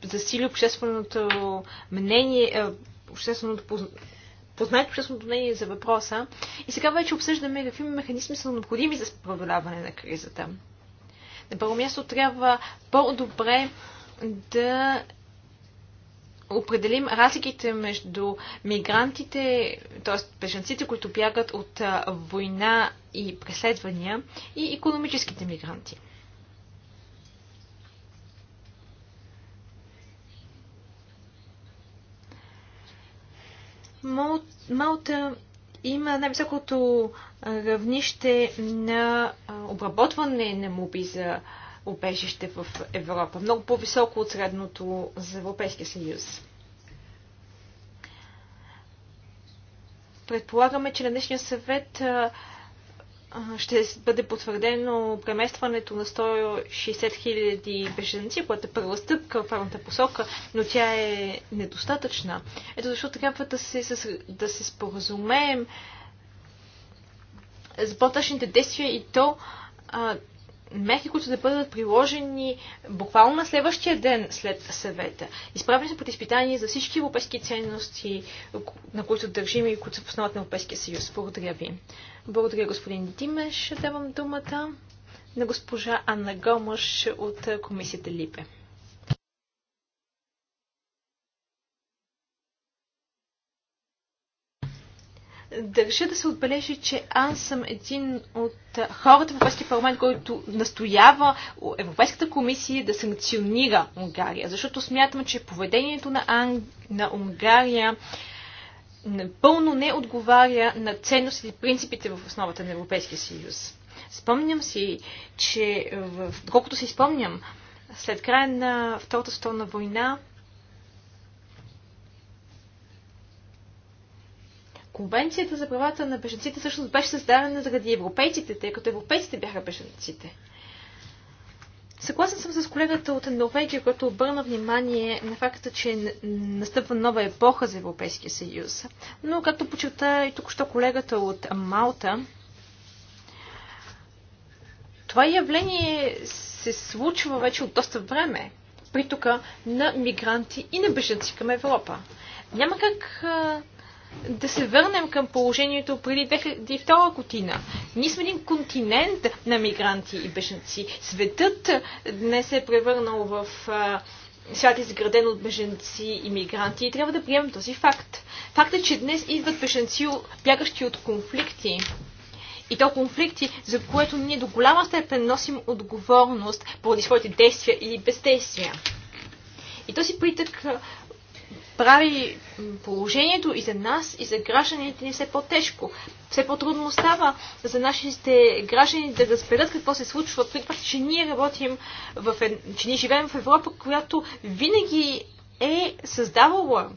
засили общественото мнение, общественото познах общественото мнение за въпроса и сега вече обсъждаме какви механизми са необходими за преодоляване на кризата. На първо място трябва по-добре да определим разликите между мигрантите, т.е. бежанците, които бягат от война и преследвания, и економическите мигранти. Малта има най-високото равнище на обработване на моби за обежище в Европа. Много по-високо от средното за Европейския съюз. Предполагаме, че на днешния съвет ще бъде потвърдено преместването на 160 000 беженци, което е първа стъпка в правната посока, но тя е недостатъчна. Ето защо трябва да се, да се споразумеем за по-тъчните действия и то а, мерки, които да бъдат приложени буквално на следващия ден след съвета. Изправени са под изпитание за всички европейски ценности, на които държим и които са в основата на Европейския съюз. Благодаря ви. Благодаря, господин Димеш. Давам думата на госпожа Анна Гомаш от комисията Липе. Държа да се отбележи, че аз съм един от хората в Европейския парламент, който настоява Европейската комисия да санкционира Унгария, защото смятам, че поведението на, Анг... на Унгария напълно не отговаря на ценностите и принципите в основата на Европейския съюз. Спомням си, че в... колкото си спомням, след края на Втората световна война Конвенцията за правата на беженците всъщност беше създадена заради европейците, тъй като европейците бяха беженците. Съгласен съм с колегата от Норвегия, който обърна внимание на факта, че настъпва нова епоха за Европейския съюз. Но, както почерта и тук-що колегата от Малта, това явление се случва вече от доста време. Притока на мигранти и на бежанци към Европа. Няма как да се върнем към положението преди 2002 година. Ние сме един континент на мигранти и беженци. Светът днес е превърнал в свят изграден от беженци и мигранти и трябва да приемем този факт. Фактът, е, че днес идват беженци, бягащи от конфликти, и то конфликти, за което ние до голяма степен носим отговорност поради своите действия или бездействия. И този притък прави положението и за нас, и за гражданите ни все по-тежко. Все по-трудно става за нашите граждани да разберат какво се случва, при това, че ние работим, в, че ние живеем в Европа, която винаги е създавала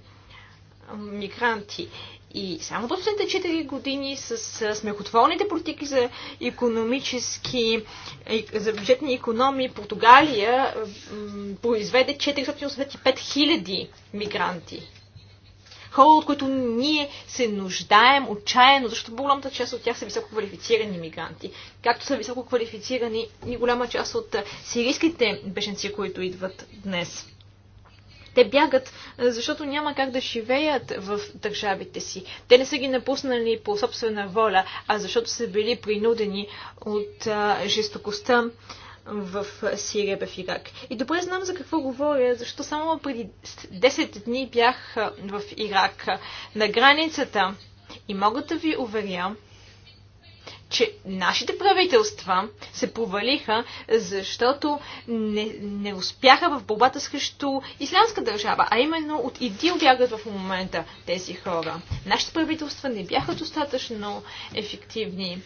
мигранти. И само последните 4 години с смехотворните политики за економически, е, за бюджетни економии, Португалия произведе 485 хиляди мигранти. Хора, от които ние се нуждаем отчаяно, защото по-голямата част от тях са високо квалифицирани мигранти. Както са високо квалифицирани и голяма част от сирийските беженци, които идват днес. Те бягат, защото няма как да живеят в държавите си. Те не са ги напуснали по собствена воля, а защото са били принудени от жестокостта в Сирия, в Ирак. И добре знам за какво говоря, защото само преди 10 дни бях в Ирак на границата и мога да ви уверя, че нашите правителства се провалиха, защото не, не успяха в борбата срещу ислямска държава, а именно от идил бягат в момента тези хора. Нашите правителства не бяха достатъчно ефективни.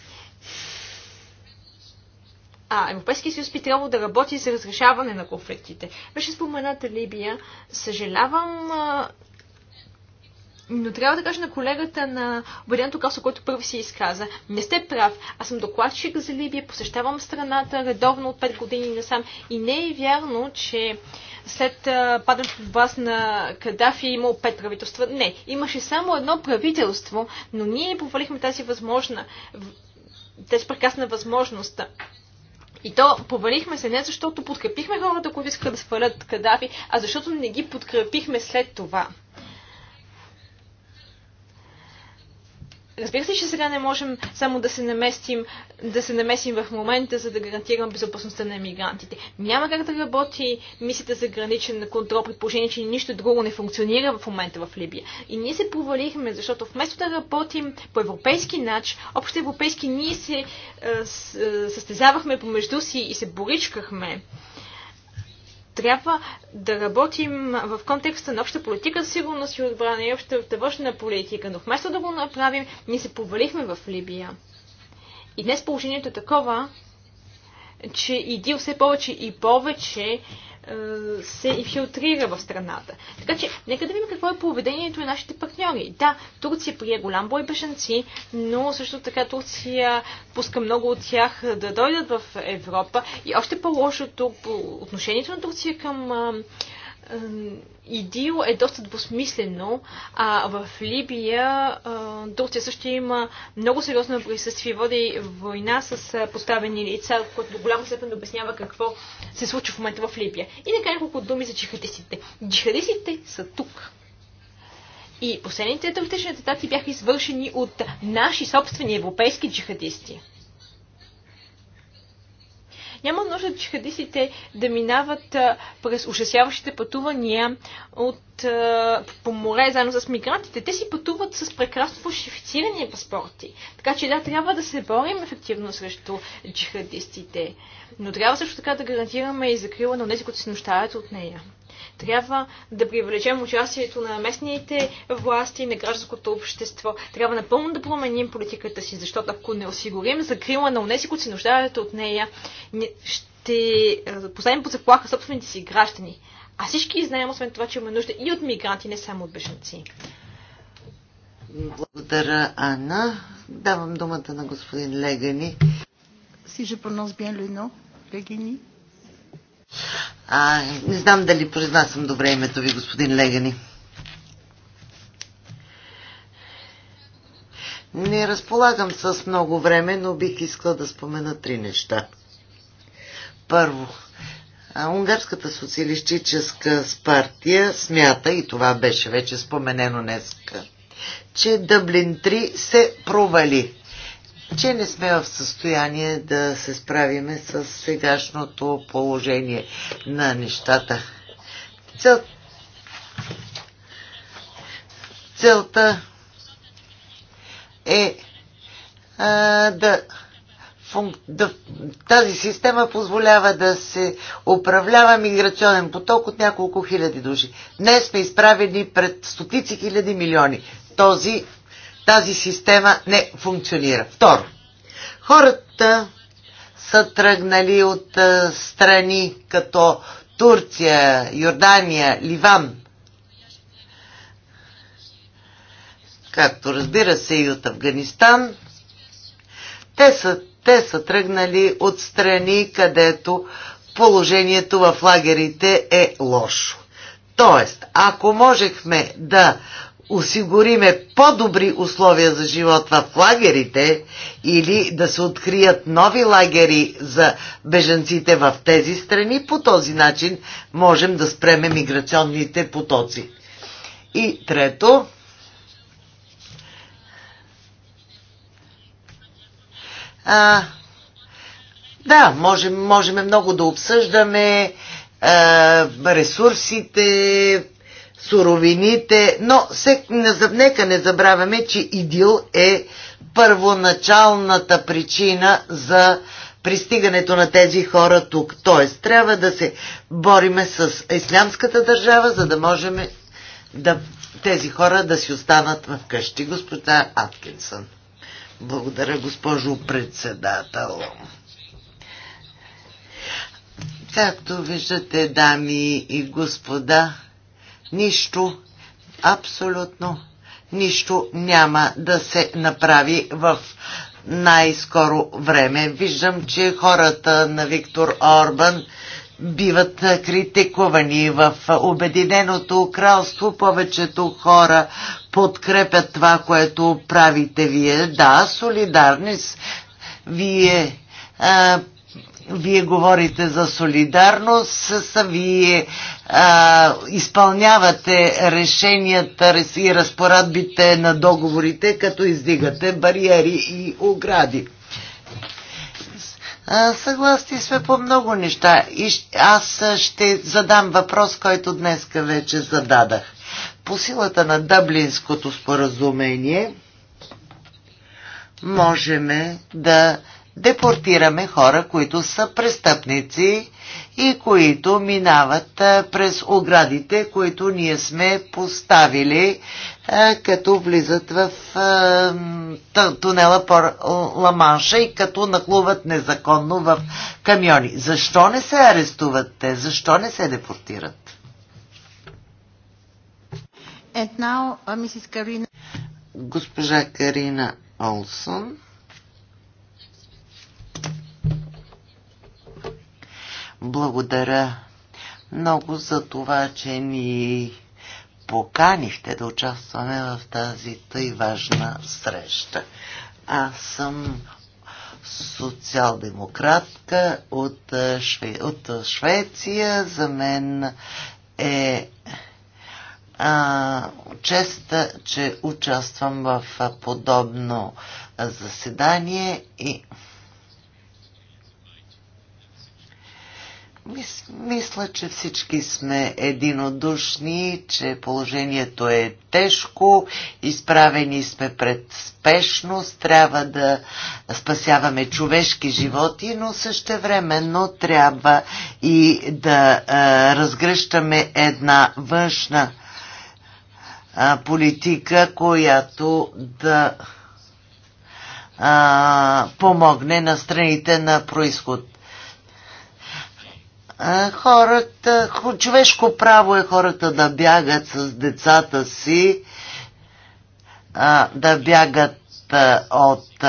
А Европейския съюз би трябвало да работи за разрешаване на конфликтите. Беше спомената Либия. Съжалявам, но трябва да кажа на колегата на Бадианто Касо, който първи си изказа. Не сте прав. Аз съм докладчик за Либия, посещавам страната редовно от 5 години насам и не е вярно, че след падането от вас на Кадафи е имало пет правителства. Не, имаше само едно правителство, но ние повалихме тази възможна, тази прекрасна възможност. И то повалихме се не защото подкрепихме хората, които искаха да свалят Кадафи, а защото не ги подкрепихме след това. Разбира се, че сега не можем само да се наместим, да се намесим в момента, за да гарантираме безопасността на емигрантите. Няма как да работи мисията за граничен контрол, при положение, че нищо друго не функционира в момента в Либия. И ние се провалихме, защото вместо да работим по европейски начин, общо европейски, ние се състезавахме помежду си и се боричкахме трябва да работим в контекста на обща политика за сигурност и отбрана и общата външна политика, но вместо да го направим, ние се повалихме в Либия. И днес положението е такова, че иди все повече и повече се инфилтрира в страната. Така че, нека да видим какво е поведението на нашите партньори. Да, Турция прие голям бой бежанци, но също така Турция пуска много от тях да дойдат в Европа. И още по-лошото по отношението на Турция към ИДИЛ е доста двусмислено, а в Либия Турция също има много сериозно присъствие, води война с поставени лица, което до голяма степен обяснява какво се случва в момента в Либия. И нека няколко думи за джихадистите. Джихадистите са тук. И последните терористични атентати бяха извършени от наши собствени европейски джихадисти. Няма нужда джихадистите да минават през ужасяващите пътувания от, по море заедно с мигрантите. Те си пътуват с прекрасно фалшифицирани паспорти. Така че да, трябва да се борим ефективно срещу джихадистите. Но трябва също така да гарантираме и закрила на тези, които се нуждаят от нея. Трябва да привлечем участието на местните власти, на гражданското общество. Трябва напълно да променим политиката си, защото ако не осигурим закрила на унеси, които се нуждаят от нея, ще поставим под заплаха собствените си граждани. А всички знаем, освен това, че има нужда и от мигранти, не само от бежанци. Благодаря, Анна. Давам думата на господин Легани. Си же prononce bien Легани? А, не знам дали произнасям добре името ви, господин Легани. Не разполагам с много време, но бих искала да спомена три неща. Първо, Унгарската социалистическа партия смята, и това беше вече споменено днес, че Дъблин 3 се провали че не сме в състояние да се справиме с сегашното положение на нещата. Цел... Целта е а, да, да тази система позволява да се управлява миграционен поток от няколко хиляди души. Днес сме изправени пред стотици хиляди милиони. Този тази система не функционира. Второ, хората са тръгнали от страни като Турция, Йордания, Ливан, както разбира се и от Афганистан. Те са, те са тръгнали от страни, където положението в лагерите е лошо. Тоест, ако можехме да осигуриме по-добри условия за живот в лагерите или да се открият нови лагери за беженците в тези страни, по този начин можем да спреме миграционните потоци. И трето, а, да, можем, можем много да обсъждаме а, ресурсите, суровините, но нека не забравяме, че идил е първоначалната причина за пристигането на тези хора тук. Тоест, трябва да се бориме с ислямската държава, за да можем да, тези хора да си останат в къщи. Господа Аткинсън. Благодаря, госпожо председател. Както виждате, дами и господа, нищо, абсолютно нищо няма да се направи в най-скоро време. Виждам, че хората на Виктор Орбан биват критикувани в Обединеното кралство. Повечето хора подкрепят това, което правите вие. Да, солидарни вие а, вие говорите за солидарност, вие а, изпълнявате решенията и разпорадбите на договорите, като издигате бариери и огради. Съгласни сме по много неща. И аз ще задам въпрос, който днес вече зададах. По силата на Дъблинското споразумение можеме да депортираме хора, които са престъпници и които минават през оградите, които ние сме поставили, като влизат в тунела по Ламанша и като наклуват незаконно в камиони. Защо не се арестуват те? Защо не се депортират? And now, uh, Mrs. Karina. Госпожа Карина Олсон. Благодаря много за това, че ни поканихте да участваме в тази тъй важна среща. Аз съм социал-демократка от, Шве... от Швеция. За мен е а, честа, че участвам в подобно заседание и Мис, мисля, че всички сме единодушни, че положението е тежко, изправени сме пред спешност, трябва да спасяваме човешки животи, но същевременно трябва и да а, разгръщаме една външна а, политика, която да а, помогне на страните на происход. Хората, човешко право е хората да бягат с децата си, да бягат от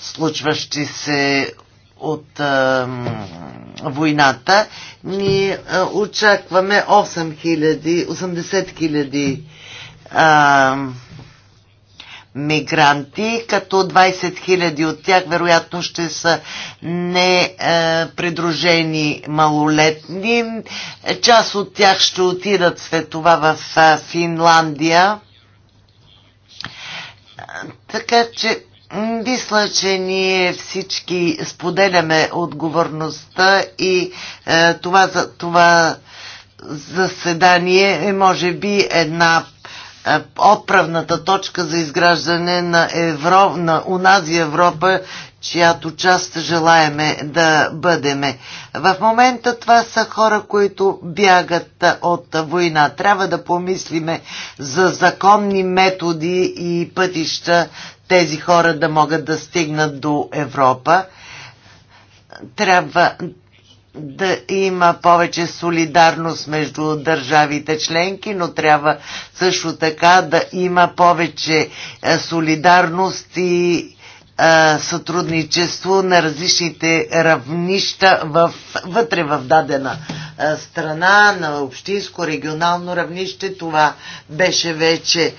случващи се от а, войната. Ние а, очакваме 000, 80 000 а, мигранти, като 20 000 от тях вероятно ще са е, придружени малолетни. Част от тях ще отидат след това в е, Финландия. Така че мисля, че ние всички споделяме отговорността и е, това, за, това заседание е може би една е, отправната точка за изграждане на, Евро, на унази Европа, чиято част желаеме да бъдеме. В момента това са хора, които бягат от война. Трябва да помислиме за законни методи и пътища тези хора да могат да стигнат до Европа. Трябва да има повече солидарност между държавите членки, но трябва също така да има повече е, солидарност и е, сътрудничество на различните равнища във, вътре в дадена е, страна, на общинско, регионално равнище. Това беше вече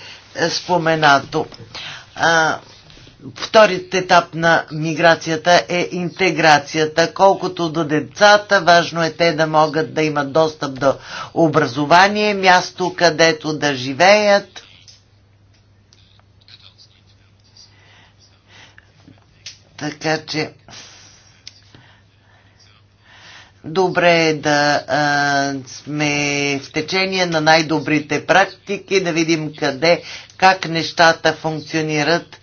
споменато. Вторият етап на миграцията е интеграцията. Колкото до децата, важно е те да могат да имат достъп до образование, място където да живеят. Така че добре е да а, сме в течение на най-добрите практики, да видим къде, как нещата функционират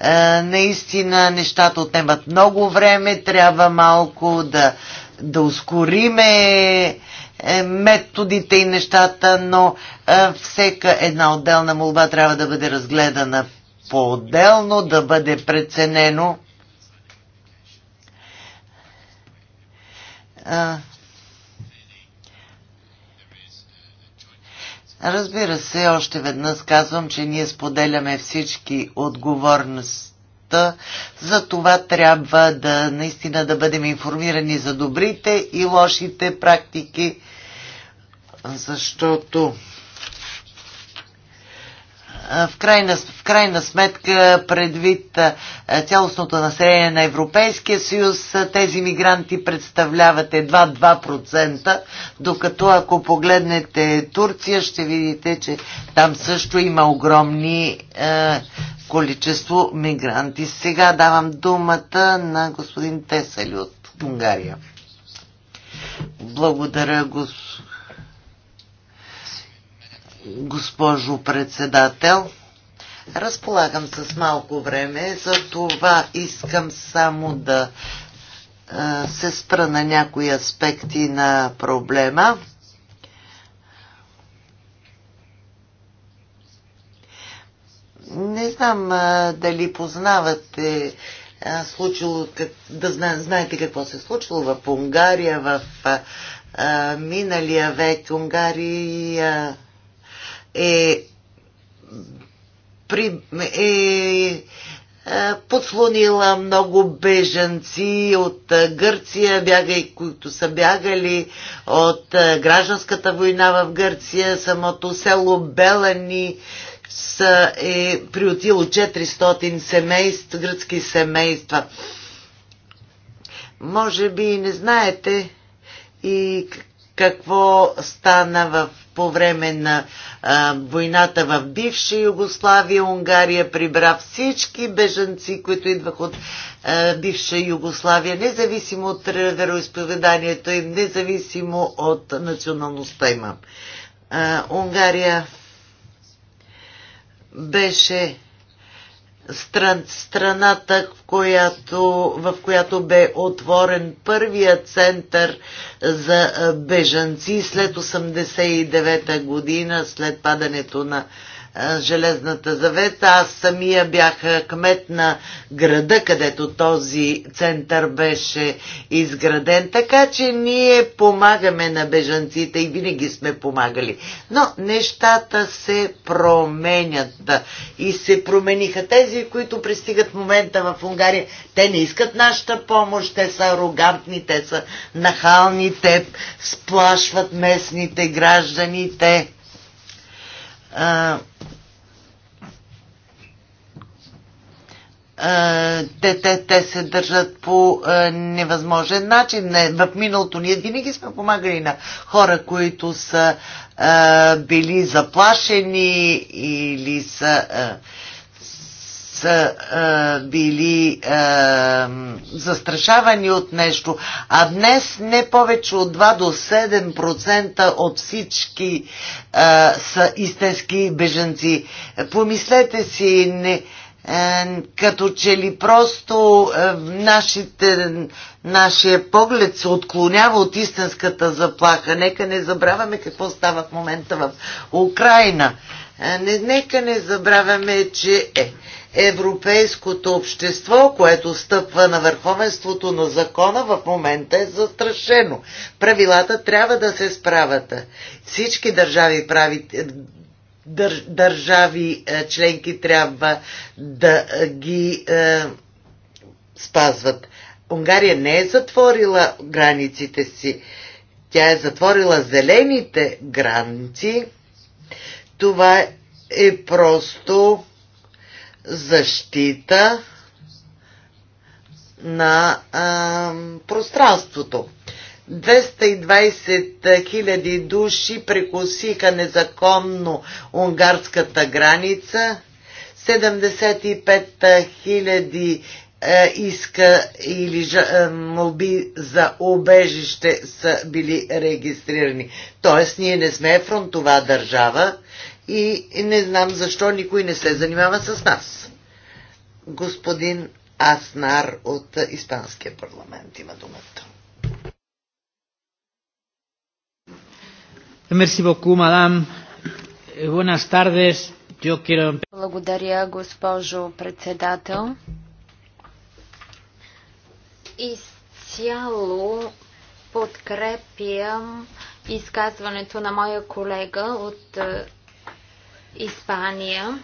е, наистина нещата отнемат много време, трябва малко да, да ускориме е, методите и нещата, но е, всека една отделна молба трябва да бъде разгледана по-отделно, да бъде преценено Разбира се, още веднъж казвам, че ние споделяме всички отговорността. За това трябва да наистина да бъдем информирани за добрите и лошите практики, защото в крайна, в крайна сметка, предвид цялостното население на Европейския съюз, тези мигранти представляват едва 2%, докато ако погледнете Турция, ще видите, че там също има огромни е, количество мигранти. Сега давам думата на господин Тесали от Унгария. Благодаря, господин госпожо председател. Разполагам с малко време, за това искам само да се спра на някои аспекти на проблема. Не знам а, дали познавате а, случило, как, да зна, знаете какво се е случило в Унгария, в а, а, миналия век Унгария е, при, е, е подслонила много бежанци от е, Гърция, бягай, които са бягали от е, гражданската война в Гърция. Самото село Белани са, е приотило 400 семейств, гръцки семейства. Може би не знаете и какво стана в, по време на а, войната в бивша Югославия. Унгария прибра всички бежанци, които идвах от а, бивша Югославия, независимо от вероисповеданието им, независимо от националността им. А, Унгария беше стран, страната, в която, в която бе отворен първия център за бежанци след 89-та година, след падането на железната завеса. Аз самия бях кмет на града, където този център беше изграден, така че ние помагаме на бежанците и винаги сме помагали. Но нещата се променят и се промениха. Тези, които пристигат в момента в Унгария, те не искат нашата помощ, те са арогантни, те са нахални, те сплашват местните граждани, те Е, те, те, те се държат по е, невъзможен начин. Не, в миналото ние винаги сме помагали на хора, които са е, били заплашени или са, е, са е, били е, застрашавани от нещо. А днес не повече от 2 до 7% от всички е, са истински беженци. Помислете си, не като че ли просто нашите, нашия поглед се отклонява от истинската заплаха. Нека не забравяме какво става в момента в Украина. Е, нека не забравяме, че е, европейското общество, което стъпва на върховенството на закона, в момента е застрашено. Правилата трябва да се справят. Всички държави прави, държави е, членки трябва да е, ги е, спазват. Унгария не е затворила границите си. Тя е затворила зелените граници. Това е просто защита на а, е, пространството. 220 хиляди души прекусиха незаконно унгарската граница, 75 хиляди е, иска или е, молби за обежище са били регистрирани. Тоест, ние не сме фронтова държава и не знам защо никой не се занимава с нас. Господин Аснар от Испанския парламент има думата. Merci beaucoup, madame. Eh, buenas tardes. Yo quiero... Благодаря, госпожо председател. Изцяло подкрепям изказването на моя колега от е, Испания.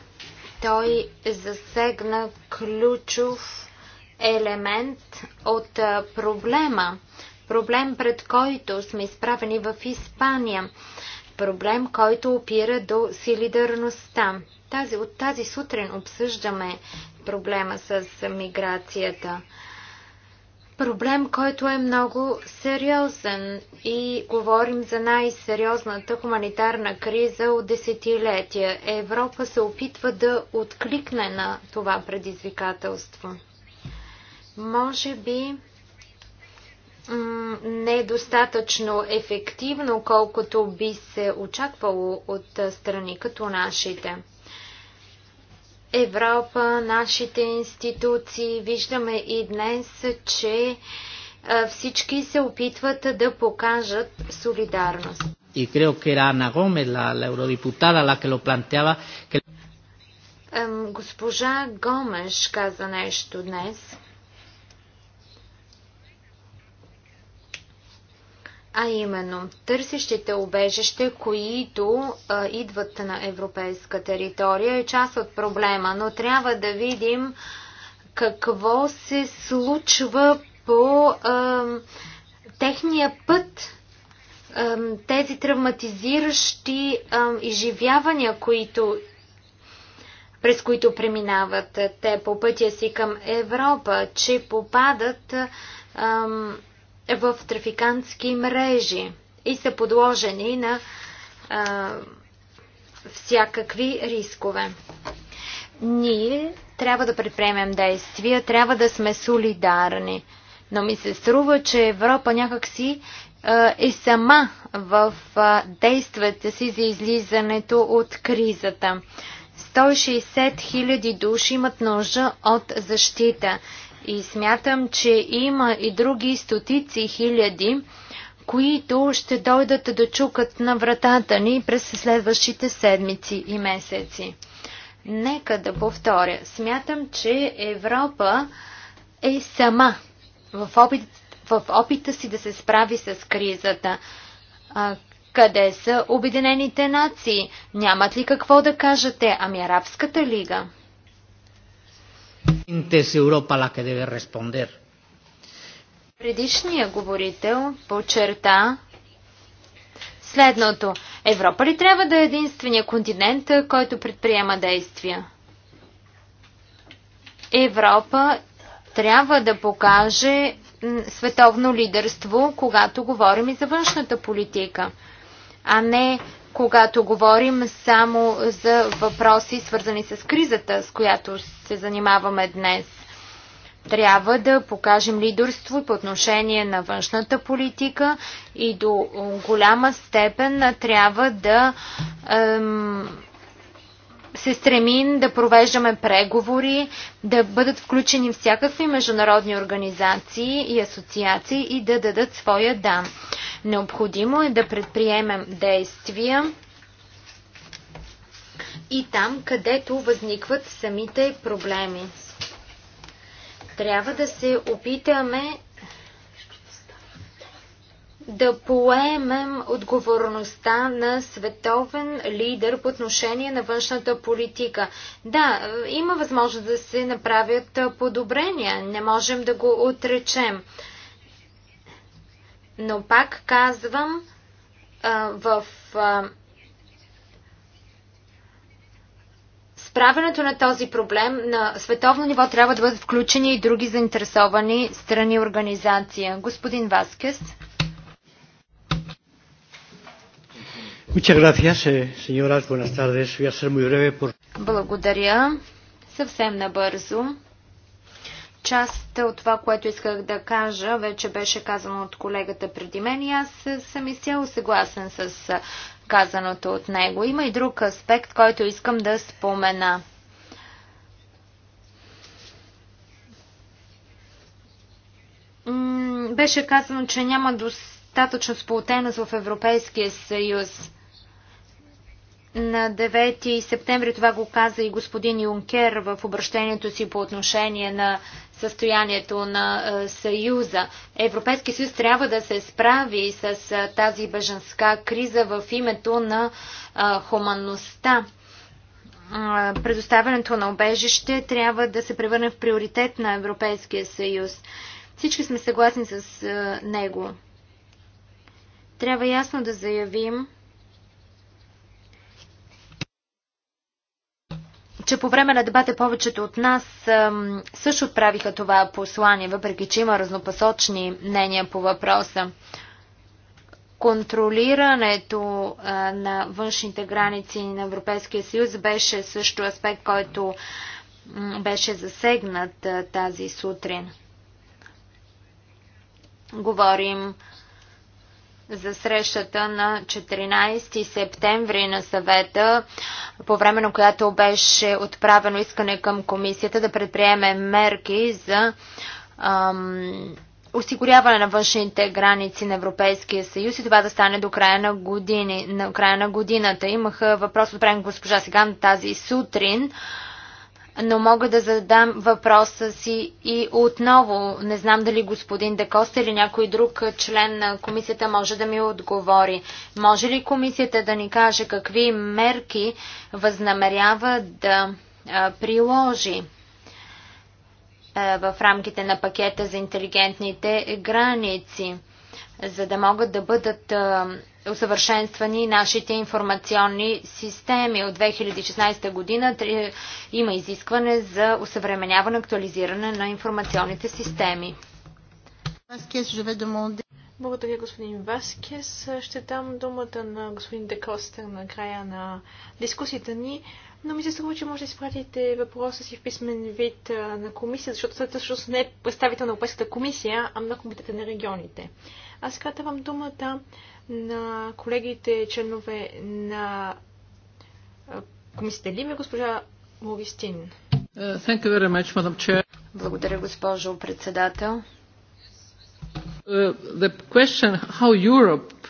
Той засегна ключов елемент от е, проблема – проблем, пред който сме изправени в Испания. Проблем, който опира до солидарността. Тази, от тази сутрин обсъждаме проблема с миграцията. Проблем, който е много сериозен и говорим за най-сериозната хуманитарна криза от десетилетия. Европа се опитва да откликне на това предизвикателство. Може би недостатъчно ефективно, колкото би се очаквало от страни като нашите. Европа, нашите институции, виждаме и днес, че всички се опитват да покажат солидарност. И creo que era Ana Gómez, la, la eurodiputada, la que lo planteaba. Que... Госпожа Гомеш каза нещо днес. а именно търсещите обежище, които а, идват на европейска територия, е част от проблема, но трябва да видим какво се случва по а, техния път, а, тези травматизиращи а, изживявания, които през които преминават те по пътя си към Европа, че попадат ам, в трафикантски мрежи и са подложени на а, всякакви рискове. Ние трябва да предприемем действия, трябва да сме солидарни. Но ми се струва, че Европа някакси а, е сама в а, действията си за излизането от кризата. 160 000 души имат нужда от защита и смятам, че има и други стотици хиляди, които ще дойдат да чукат на вратата ни през следващите седмици и месеци. Нека да повторя. Смятам, че Европа е сама в, опит, в опита си да се справи с кризата. А, къде са Обединените нации? Нямат ли какво да кажете? Ами Арабската лига? Предишният говорител подчерта следното. Европа ли трябва да е единствения континент, който предприема действия? Европа трябва да покаже световно лидерство, когато говорим и за външната политика, а не когато говорим само за въпроси, свързани с кризата, с която се занимаваме днес. Трябва да покажем лидерство по отношение на външната политика и до голяма степен трябва да ем, се стремим да провеждаме преговори, да бъдат включени всякакви международни организации и асоциации и да дадат своя дан. Необходимо е да предприемем действия и там, където възникват самите проблеми. Трябва да се опитаме да поемем отговорността на световен лидер по отношение на външната политика. Да, е, има възможност да се направят е, подобрения, не можем да го отречем. Но пак казвам, е, в справянето на този проблем на световно ниво трябва да бъдат включени и други заинтересовани страни организация. Господин Васкес. Eh, Благодаря. Съвсем набързо. Част от това, което исках да кажа, вече беше казано от колегата преди мен и аз съм изцяло съгласен с казаното от него. Има и друг аспект, който искам да спомена. Беше казано, че няма достатъчно сплотеност в Европейския съюз. На 9 септември това го каза и господин Юнкер в обращението си по отношение на състоянието на е, Съюза. Европейски съюз трябва да се справи с е, тази беженска криза в името на е, хуманността. Предоставянето на обежище трябва да се превърне в приоритет на Европейския съюз. Всички сме съгласни с него. Трябва ясно да заявим, че по време на дебата повечето от нас също отправиха това послание, въпреки че има разнопосочни мнения по въпроса. Контролирането на външните граници на Европейския съюз беше също аспект, който беше засегнат тази сутрин. Говорим за срещата на 14 септември на съвета, по време на която беше отправено искане към комисията да предприеме мерки за ам, осигуряване на външните граници на Европейския съюз и това да стане до края на, години, на края на годината. Имаха въпрос от госпожа Сеган тази сутрин но мога да задам въпроса си и отново. Не знам дали господин Декост или някой друг член на комисията може да ми отговори. Може ли комисията да ни каже какви мерки възнамерява да приложи в рамките на пакета за интелигентните граници, за да могат да бъдат усъвършенствани нашите информационни системи. От 2016 година има изискване за усъвременяване, актуализиране на информационните системи. Благодаря, господин Васкес. Ще дам думата на господин Декостер на края на дискусията ни, но ми се струва, че може да изпратите въпроса си в писмен вид на комисия, защото след всъщност не е представител на Европейската комисия, а на комитета на регионите. Аз сега давам думата на колегите членове на комисията Лиме, госпожа Логистин. Uh, Благодаря, госпожо председател. Uh, the question how Europe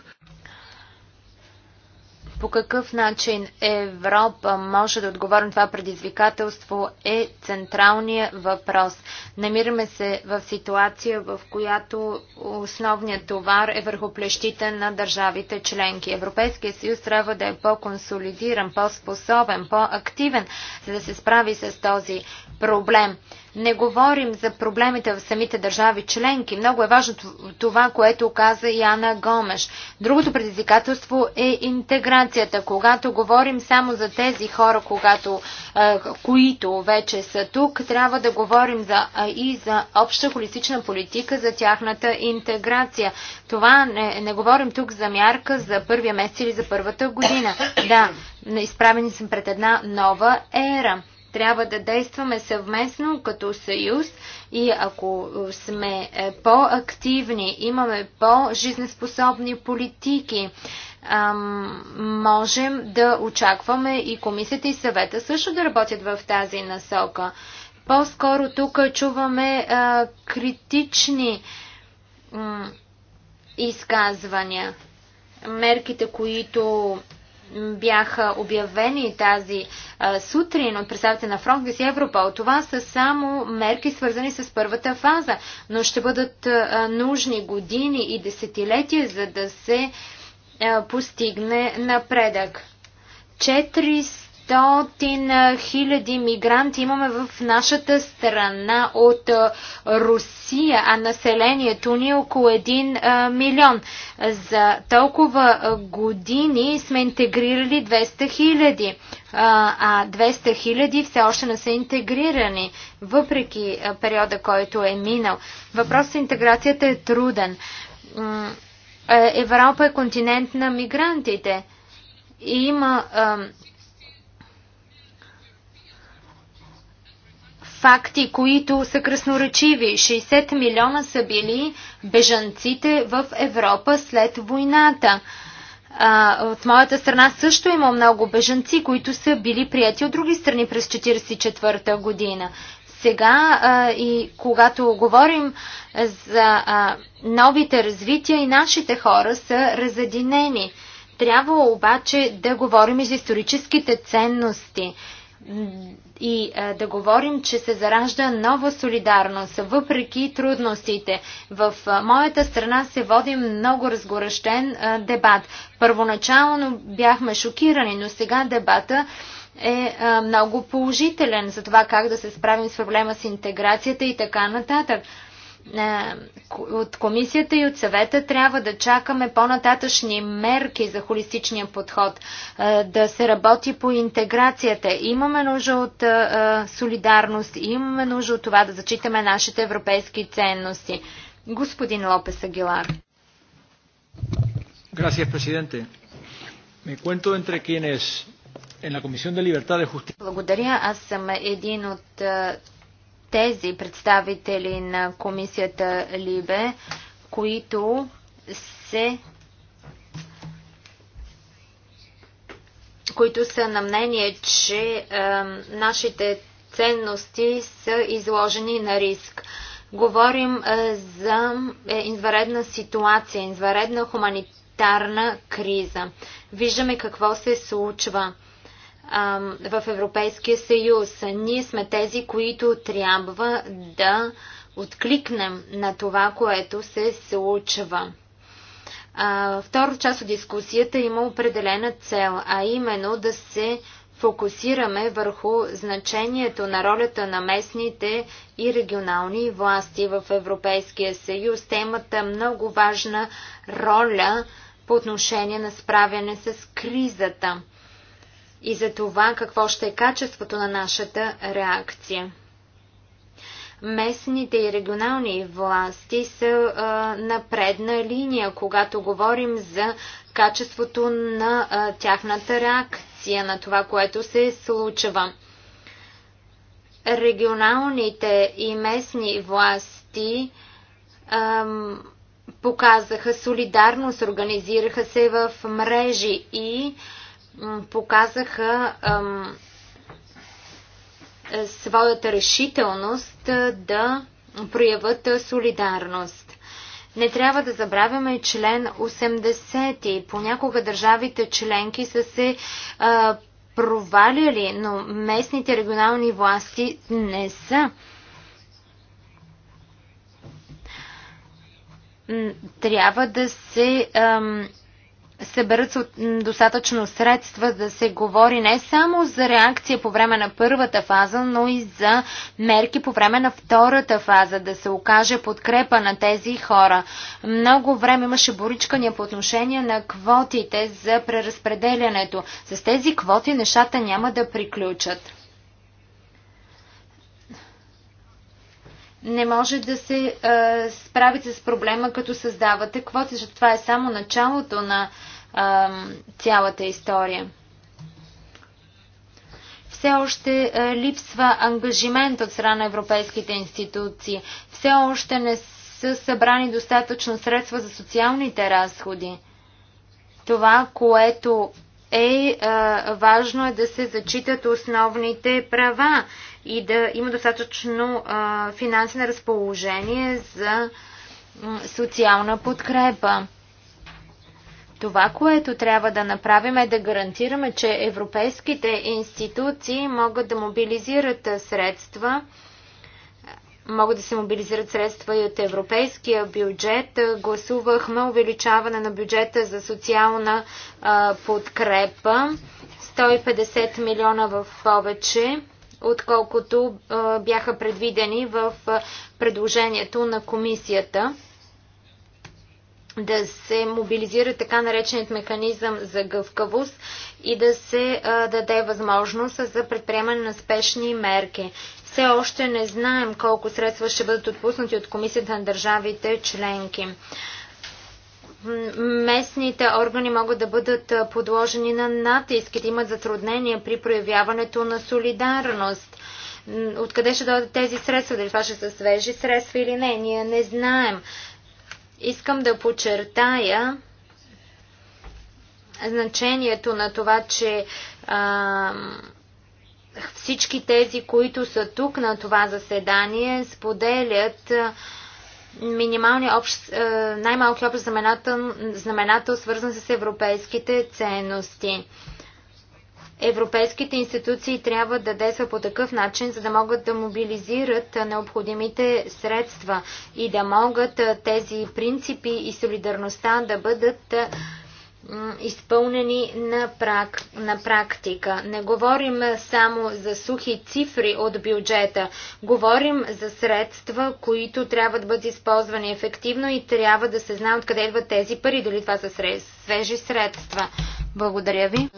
по какъв начин Европа може да отговори на това предизвикателство е централният въпрос. Намираме се в ситуация, в която основният товар е върху плещите на държавите членки. Европейския съюз трябва да е по-консолидиран, по-способен, по-активен, за да се справи с този проблем. Не говорим за проблемите в самите държави членки. Много е важно това, което каза Яна Гомеш. Другото предизвикателство е интеграцията. Когато говорим само за тези хора, когато, които вече са тук, трябва да говорим за, и за обща холистична политика за тяхната интеграция. Това не, не говорим тук за мярка за първия месец или за първата година. Да, изправени съм пред една нова ера. Трябва да действаме съвместно като съюз и ако сме е, по-активни, имаме по-жизнеспособни политики, можем да очакваме и комисията и съвета също да работят в тази насока. По-скоро тук чуваме е, критични изказвания. Мерките, които бяха обявени тази а, сутрин от представите на Фронтекс и Европол. Това са само мерки свързани с първата фаза, но ще бъдат а, нужни години и десетилетия, за да се а, постигне напредък. 500 хиляди мигранти имаме в нашата страна от Русия, а населението ни е около 1 милион. За толкова години сме интегрирали 200 хиляди, а 200 хиляди все още не са интегрирани, въпреки периода, който е минал. Въпрос с интеграцията е труден. Е, Европа е континент на мигрантите. И има факти, които са красноречиви. 60 милиона са били бежанците в Европа след войната. А, от моята страна също има много бежанци, които са били прияти от други страни през 1944 година. Сега а, и когато говорим за а, новите развития, и нашите хора са разединени. Трябва обаче да говорим и за историческите ценности и а, да говорим, че се заражда нова солидарност, въпреки трудностите. В а, моята страна се води много разгорещен а, дебат. Първоначално бяхме шокирани, но сега дебата е а, много положителен за това как да се справим с проблема с интеграцията и така нататък. А, е, от комисията и от съвета трябва да чакаме по-нататъчни мерки за холистичния подход, е, да се работи по интеграцията. Имаме нужда от е, солидарност, имаме нужда от това да зачитаме нашите европейски ценности. Господин Лопес Агилар. Gracias, presidente. Me cuento entre quienes en la Comisión de Libertad de Justicia. Благодаря. Аз съм един от тези представители на комисията Либе, които се които са на мнение, че е, нашите ценности са изложени на риск. Говорим е, за е, инваредна ситуация, инваредна хуманитарна криза. Виждаме какво се случва в Европейския съюз. Ние сме тези, които трябва да откликнем на това, което се случва. Втора част от дискусията има определена цел, а именно да се фокусираме върху значението на ролята на местните и регионални власти в Европейския съюз. Темата много важна роля по отношение на справяне с кризата и за това какво ще е качеството на нашата реакция. Местните и регионални власти са а, на предна линия, когато говорим за качеството на а, тяхната реакция, на това, което се случва. Регионалните и местни власти а, показаха солидарност, организираха се в мрежи и а, показаха е, своята решителност е, да проявят е, солидарност. Не трябва да забравяме член 80. Понякога държавите членки са се а, проваляли, но местните регионални власти не са. Трябва да се ам, съберат достатъчно средства да се говори не само за реакция по време на първата фаза, но и за мерки по време на втората фаза, да се окаже подкрепа на тези хора. Много време имаше боричкания по отношение на квотите за преразпределянето. С тези квоти нещата няма да приключат. не може да се справите с проблема, като създавате квоти, защото това е само началото на а, цялата история. Все още а, липсва ангажимент от страна на европейските институции. Все още не са събрани достатъчно средства за социалните разходи. Това, което е а, важно е да се зачитат основните права и да има достатъчно а, финансово разположение за социална подкрепа. Това, което трябва да направим е да гарантираме, че европейските институции могат да мобилизират средства, могат да се мобилизират средства и от европейския бюджет. Гласувахме увеличаване на бюджета за социална подкрепа. 150 милиона в повече, отколкото бяха предвидени в предложението на комисията да се мобилизира така нареченият механизъм за гъвкавост и да се а, даде възможност за предприемане на спешни мерки. Все още не знаем колко средства ще бъдат отпуснати от Комисията на държавите членки. Местните органи могат да бъдат подложени на натиск и да имат затруднения при проявяването на солидарност. Откъде ще дойдат тези средства? Дали това ще са свежи средства или не? Ние не знаем. Искам да подчертая значението на това, че а, всички тези, които са тук на това заседание, споделят минимални общ, най-малки общ знаменател, знаменател, свързан с европейските ценности. Европейските институции трябва да действат по такъв начин, за да могат да мобилизират необходимите средства и да могат тези принципи и солидарността да бъдат изпълнени на, прак, на практика. Не говорим само за сухи цифри от бюджета, говорим за средства, които трябва да бъдат използвани ефективно и трябва да се знае откъде идват тези пари, дали това са свежи средства. Благодаря ви.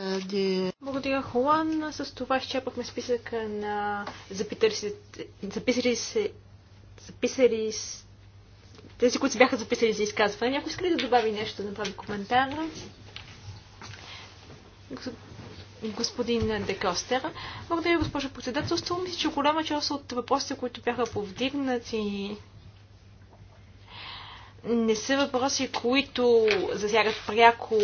Благодаря, Холан. С това изчерпахме списъка на записали се, записали се тези, които бяха записали за изказване. Някой иска ли да добави нещо, да направи коментар? господин Декостер. Благодаря, госпожо председателство. Мисля, че голяма част от въпросите, които бяха повдигнати, не са въпроси, които засягат пряко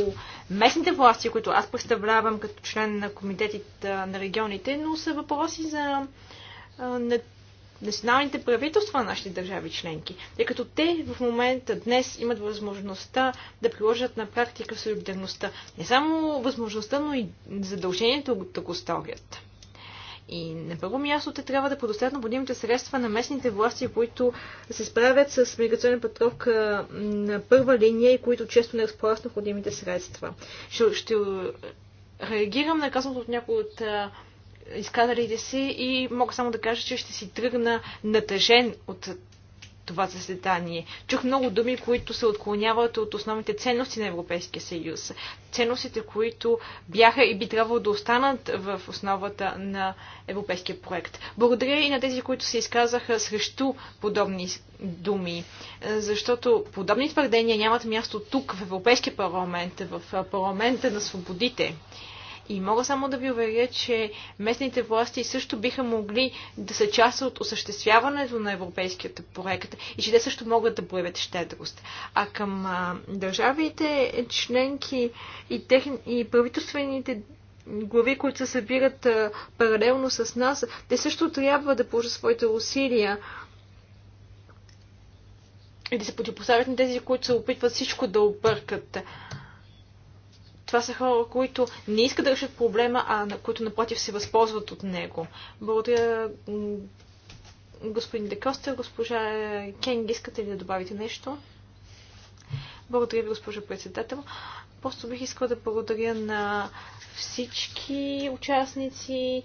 местните власти, които аз представлявам като член на комитетите на регионите, но са въпроси за националните правителства на нашите държави членки, тъй като те в момента днес имат възможността да приложат на практика солидарността. Не само възможността, но и задължението да го сторят. И на първо място те трябва да предоставят необходимите средства на местните власти, които се справят с миграционен патрок на първа линия и които често не разполагат с необходимите средства. Ще, ще реагирам на казаното от някои от изказалите се и мога само да кажа, че ще си тръгна натъжен от това заседание. Чух много думи, които се отклоняват от основните ценности на Европейския съюз. Ценностите, които бяха и би трябвало да останат в основата на европейския проект. Благодаря и на тези, които се изказаха срещу подобни думи, защото подобни твърдения нямат място тук, в Европейския парламент, в парламента на свободите. И мога само да ви уверя, че местните власти също биха могли да са част от осъществяването на европейският проект и че те също могат да проявят щедрост. А към а, държавите членки и, тех... и правителствените глави, които се събират а, паралелно с нас, те също трябва да положат своите усилия и да се противопоставят на тези, които се опитват всичко да объркат. Това са хора, които не искат да решат проблема, а на които напротив се възползват от него. Благодаря господин Декоста, госпожа Кенг, искате ли да добавите нещо? Благодаря ви, госпожа председател. Просто бих искала да благодаря на всички участници,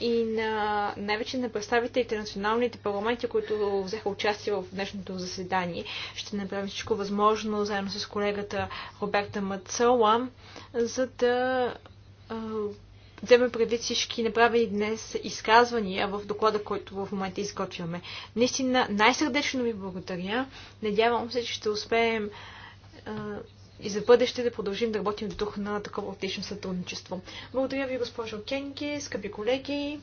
и на най-вече на представителите на националните парламенти, които взеха участие в днешното заседание. Ще направим всичко възможно, заедно с колегата Роберта Мацела, за да вземе предвид всички направени днес изказвания в доклада, който в момента изготвяме. Наистина най-сърдечно ви благодаря. Надявам се, че ще успеем и за бъдеще да продължим да работим в дух на такова отлично сътрудничество. Благодаря ви, госпожо Кенки, скъпи колеги.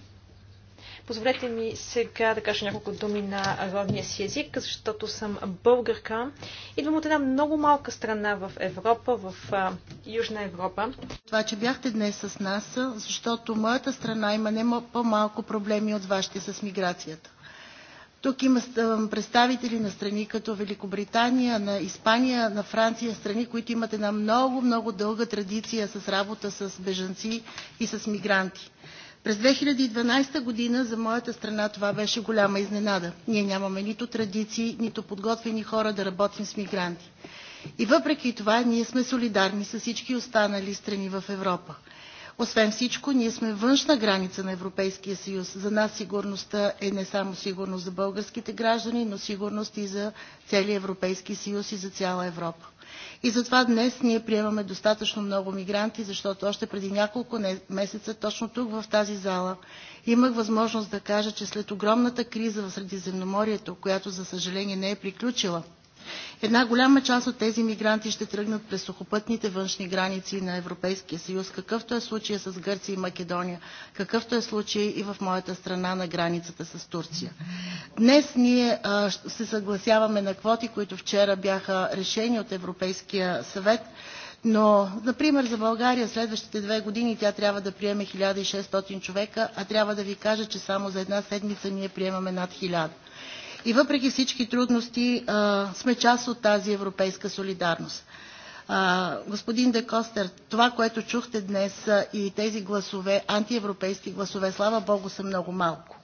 Позволете ми сега да кажа няколко думи на родния си език, защото съм българка. Идвам от една много малка страна в Европа, в а, Южна Европа. Това, че бяхте днес с нас, защото моята страна има не по-малко проблеми от вашите с миграцията. Тук има представители на страни като Великобритания, на Испания, на Франция, страни, които имат една много, много дълга традиция с работа с бежанци и с мигранти. През 2012 година за моята страна това беше голяма изненада. Ние нямаме нито традиции, нито подготвени хора да работим с мигранти. И въпреки това ние сме солидарни с всички останали страни в Европа. Освен всичко, ние сме външна граница на Европейския съюз. За нас сигурността е не само сигурност за българските граждани, но сигурност и за целия Европейски съюз и за цяла Европа. И затова днес ние приемаме достатъчно много мигранти, защото още преди няколко месеца, точно тук в тази зала, имах възможност да кажа, че след огромната криза в Средиземноморието, която за съжаление не е приключила – Една голяма част от тези мигранти ще тръгнат през сухопътните външни граници на Европейския съюз, какъвто е случая с Гърция и Македония, какъвто е случай и в моята страна на границата с Турция. Днес ние а, се съгласяваме на квоти, които вчера бяха решени от Европейския съвет. Но, например, за България следващите две години тя трябва да приеме 1600 човека, а трябва да ви кажа, че само за една седмица ние приемаме над 1000 и въпреки всички трудности сме част от тази европейска солидарност. господин Декостер, това, което чухте днес и тези гласове, антиевропейски гласове, слава Богу, са много малко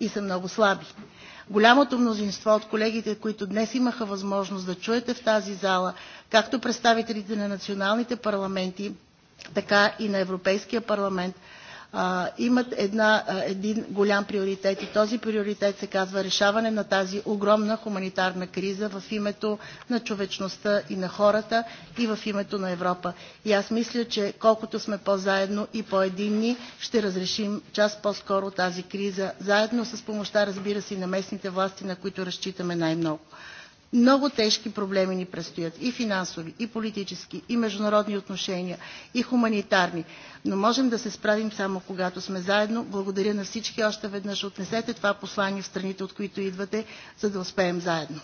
и са много слаби. Голямото мнозинство от колегите, които днес имаха възможност да чуете в тази зала, както представителите на националните парламенти, така и на Европейския парламент, имат една, един голям приоритет и този приоритет се казва решаване на тази огромна хуманитарна криза в името на човечността и на хората и в името на Европа. И аз мисля, че колкото сме по-заедно и по-единни, ще разрешим част по-скоро тази криза, заедно с помощта, разбира се, и на местните власти, на които разчитаме най-много. Много тежки проблеми ни предстоят и финансови, и политически, и международни отношения, и хуманитарни. Но можем да се справим само когато сме заедно. Благодаря на всички още веднъж. Отнесете това послание в страните, от които идвате, за да успеем заедно.